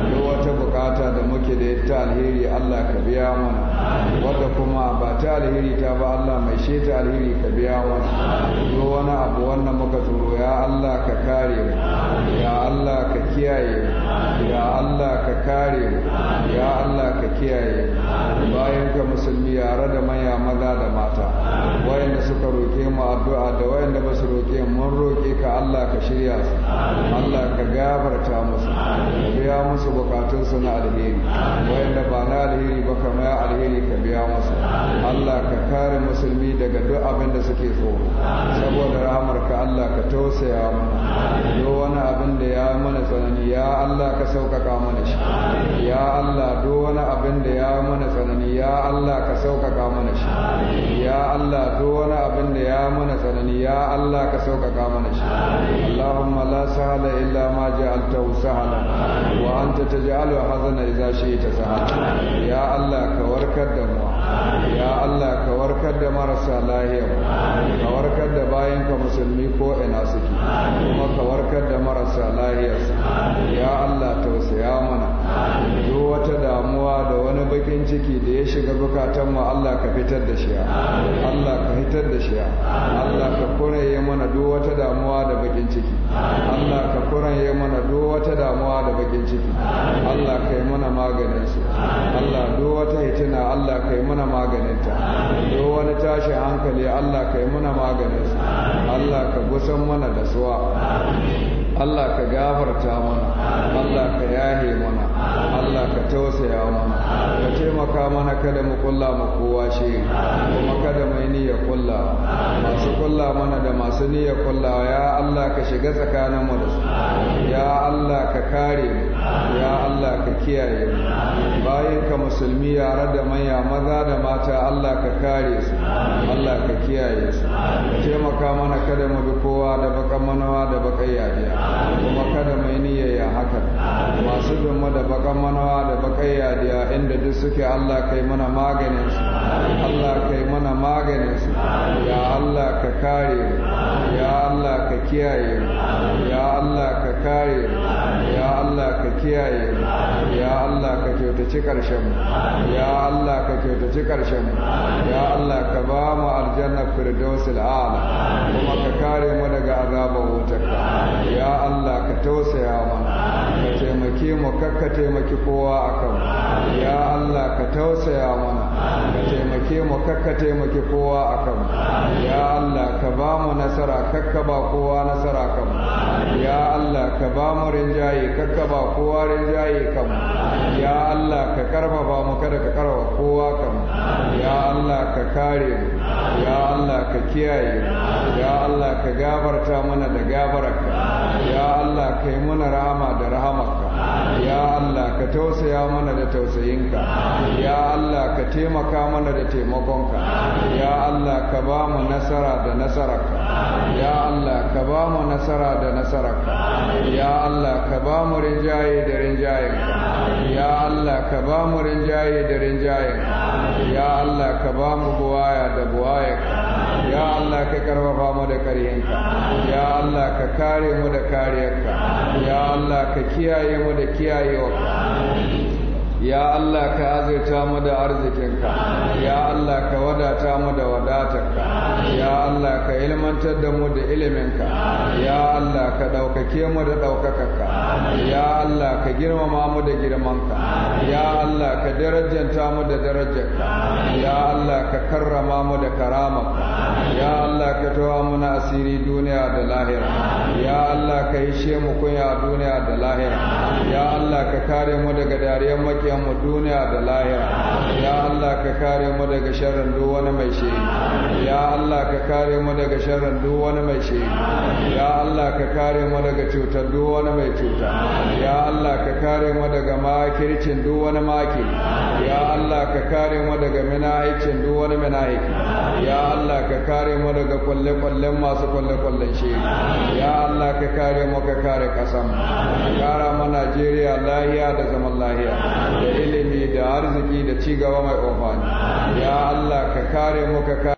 yi wata bukata da muke da ta alheri Allah ka biya mana Wadda kuma ba ta alheri ta ba Allah mai ta alheri ka biya mana yi wani abu wannan muka tsoro ya Allah ka kare mu ya Allah ka kiyaye mu ya Allah ka kare mu ya Allah ka kiyaye mu bayan ka musulmi yare da maya maza da mata wayanda suka roke mu addu'a da wayanda ba su roke mu Allah ka shirya su Allah ka gabarta musu ka biya musu bukatunsu na alheri wayanda ba na alheri ba ka maya alheri ka biya musu Allah ka kare musulmi daga duk abin da suke tsoro saboda rahmar ka Allah ka tausaya mana duk wani abin da ya mana tsanani ya Allah ka sauƙaƙa mana shi ya Allah duk wani abin da ya mana tsanani ya Allah ka sauƙaƙa mana shi ya Allah duk wani abin da ya mana tsanani ya Allah ka sauƙaƙa mana shi اللهم لا سهل إلا ما جعلته سهلا وأنت تجعل حزنا إذا شئت سهلا يا الله كورك الدموع يا الله كورك marasa lahiyar ka warkar da bayan ka musulmi ko ina suke kuma ka warkar da marasa lahiyarsa ya Allah tausaya mana duk wata damuwa da wani bakin ciki da ya shiga bukatan mu Allah ka fitar da shi Allah ka fitar da shi Allah ka kuraye mana duk wata damuwa da bakin ciki Allah ka kuraye mana duk wata damuwa da bakin ciki Allah ka yi mana maganin su Allah duk wata hitina Allah ka yi mana maganin ta duk wani tashin hankali Allah ka yi mana maganin su Allah ka gusan mana da suwa Allah ka gafarta mana Allah ka yahe mana Allah ka tausaya mana ka taimaka mana kada mu kulla mu kowa shi kuma kada mai niyya kulla masu kulla mana da masu niyyar kulla ya Allah ka shiga tsakanin mu da su ya Allah ka kare mu ya Allah ka kiyaye bayan ka musulmi yare da manya maza da mata Allah ka kare su Allah ka kiyaye su taimaka mana kada mu bi kowa da bakan manawa da bakan yadiya kuma kada mu yi niyyar ya haka masu bin mu da bakan manawa da bakan yadiya inda duk suke Allah kai mana maganin su Allah kai mana maganin su ya Allah ka kare mu ya Allah ka kiyaye mu ya Allah ka kare mu ya Allah ka kiyaye ya Allah ka kyautaci karshen mu ya Allah ka kyautaci karshen mu ya Allah ka ba mu aljanna firdausil a'la kuma ka kare mu daga azabar wutarka ya Allah ka tausaya mana ka taimake mu kakka taimaki kowa akan ya Allah ka tausaya mana taimake mu kakka taimake kowa a kan ya Allah ka ba mu nasara kakka ba kowa nasara kan ya Allah ka ba mu rinjaye kakka ba kowa rinjaye kan ya Allah ka karfafa mu kada ka karfa kowa kan ya Allah ka kare mu ya Allah ka kiyaye mu ya Allah ka gafarta mana da gafararka ya Allah ka yi mana rahama da rahamarka ya Allah ka tausaya mana da tausayinka ya Allah ka taimaka mana da taimakonka ya Allah ka ba mu nasara da nasararka ya Allah ka ba mu nasara da nasararka ya Allah ka ba mu rinjaye da rinjayenka ya Allah ka ba mu rinjaye da rinjayenka ya Allah ka ba mu buwaya da buwayenka ya Allah ka karfafa mu da karyanka ya Allah ka kare mu da kariyarka ya Allah ka kiyaye mu da kiyayewarka ya Allah ka azurta mu da arzikinka ya Allah ka wadata mu da wadatarka ya Allah ka ilmantar da mu da iliminka ya Allah ka ɗaukake mu da ɗaukakarka ya Allah ka girmama mu da girmanka ya Allah ka darajanta mu da darajarka ya Allah ka karrama mu da karama ya Allah ka tawa na asiri duniya da lahira ya Allah ka hishe mu kunya duniya da lahira ya Allah ka kare mu daga dariyar makiyan mu duniya da lahira ya Allah ka kare mu daga sharrin duk wani mai shi. ya Allah ka kare mu daga sharrin duk wani mai shi. ya Allah ka kare mu daga cutar duk wani mai cuta ya Allah ka kare mu daga makircin duk wani maki ya Allah ka kare mu daga mina'icin duk wani mina'iki ya Allah ka kare mu daga kulle kulle masu kulle kulle shi. ya Allah ka kare mu ka kare kasam Ya kara mu Najeriya lahiya da zaman lahiya da ilimi da arziki da cigaba gaba mai amfani ya Allah ka kare mu ka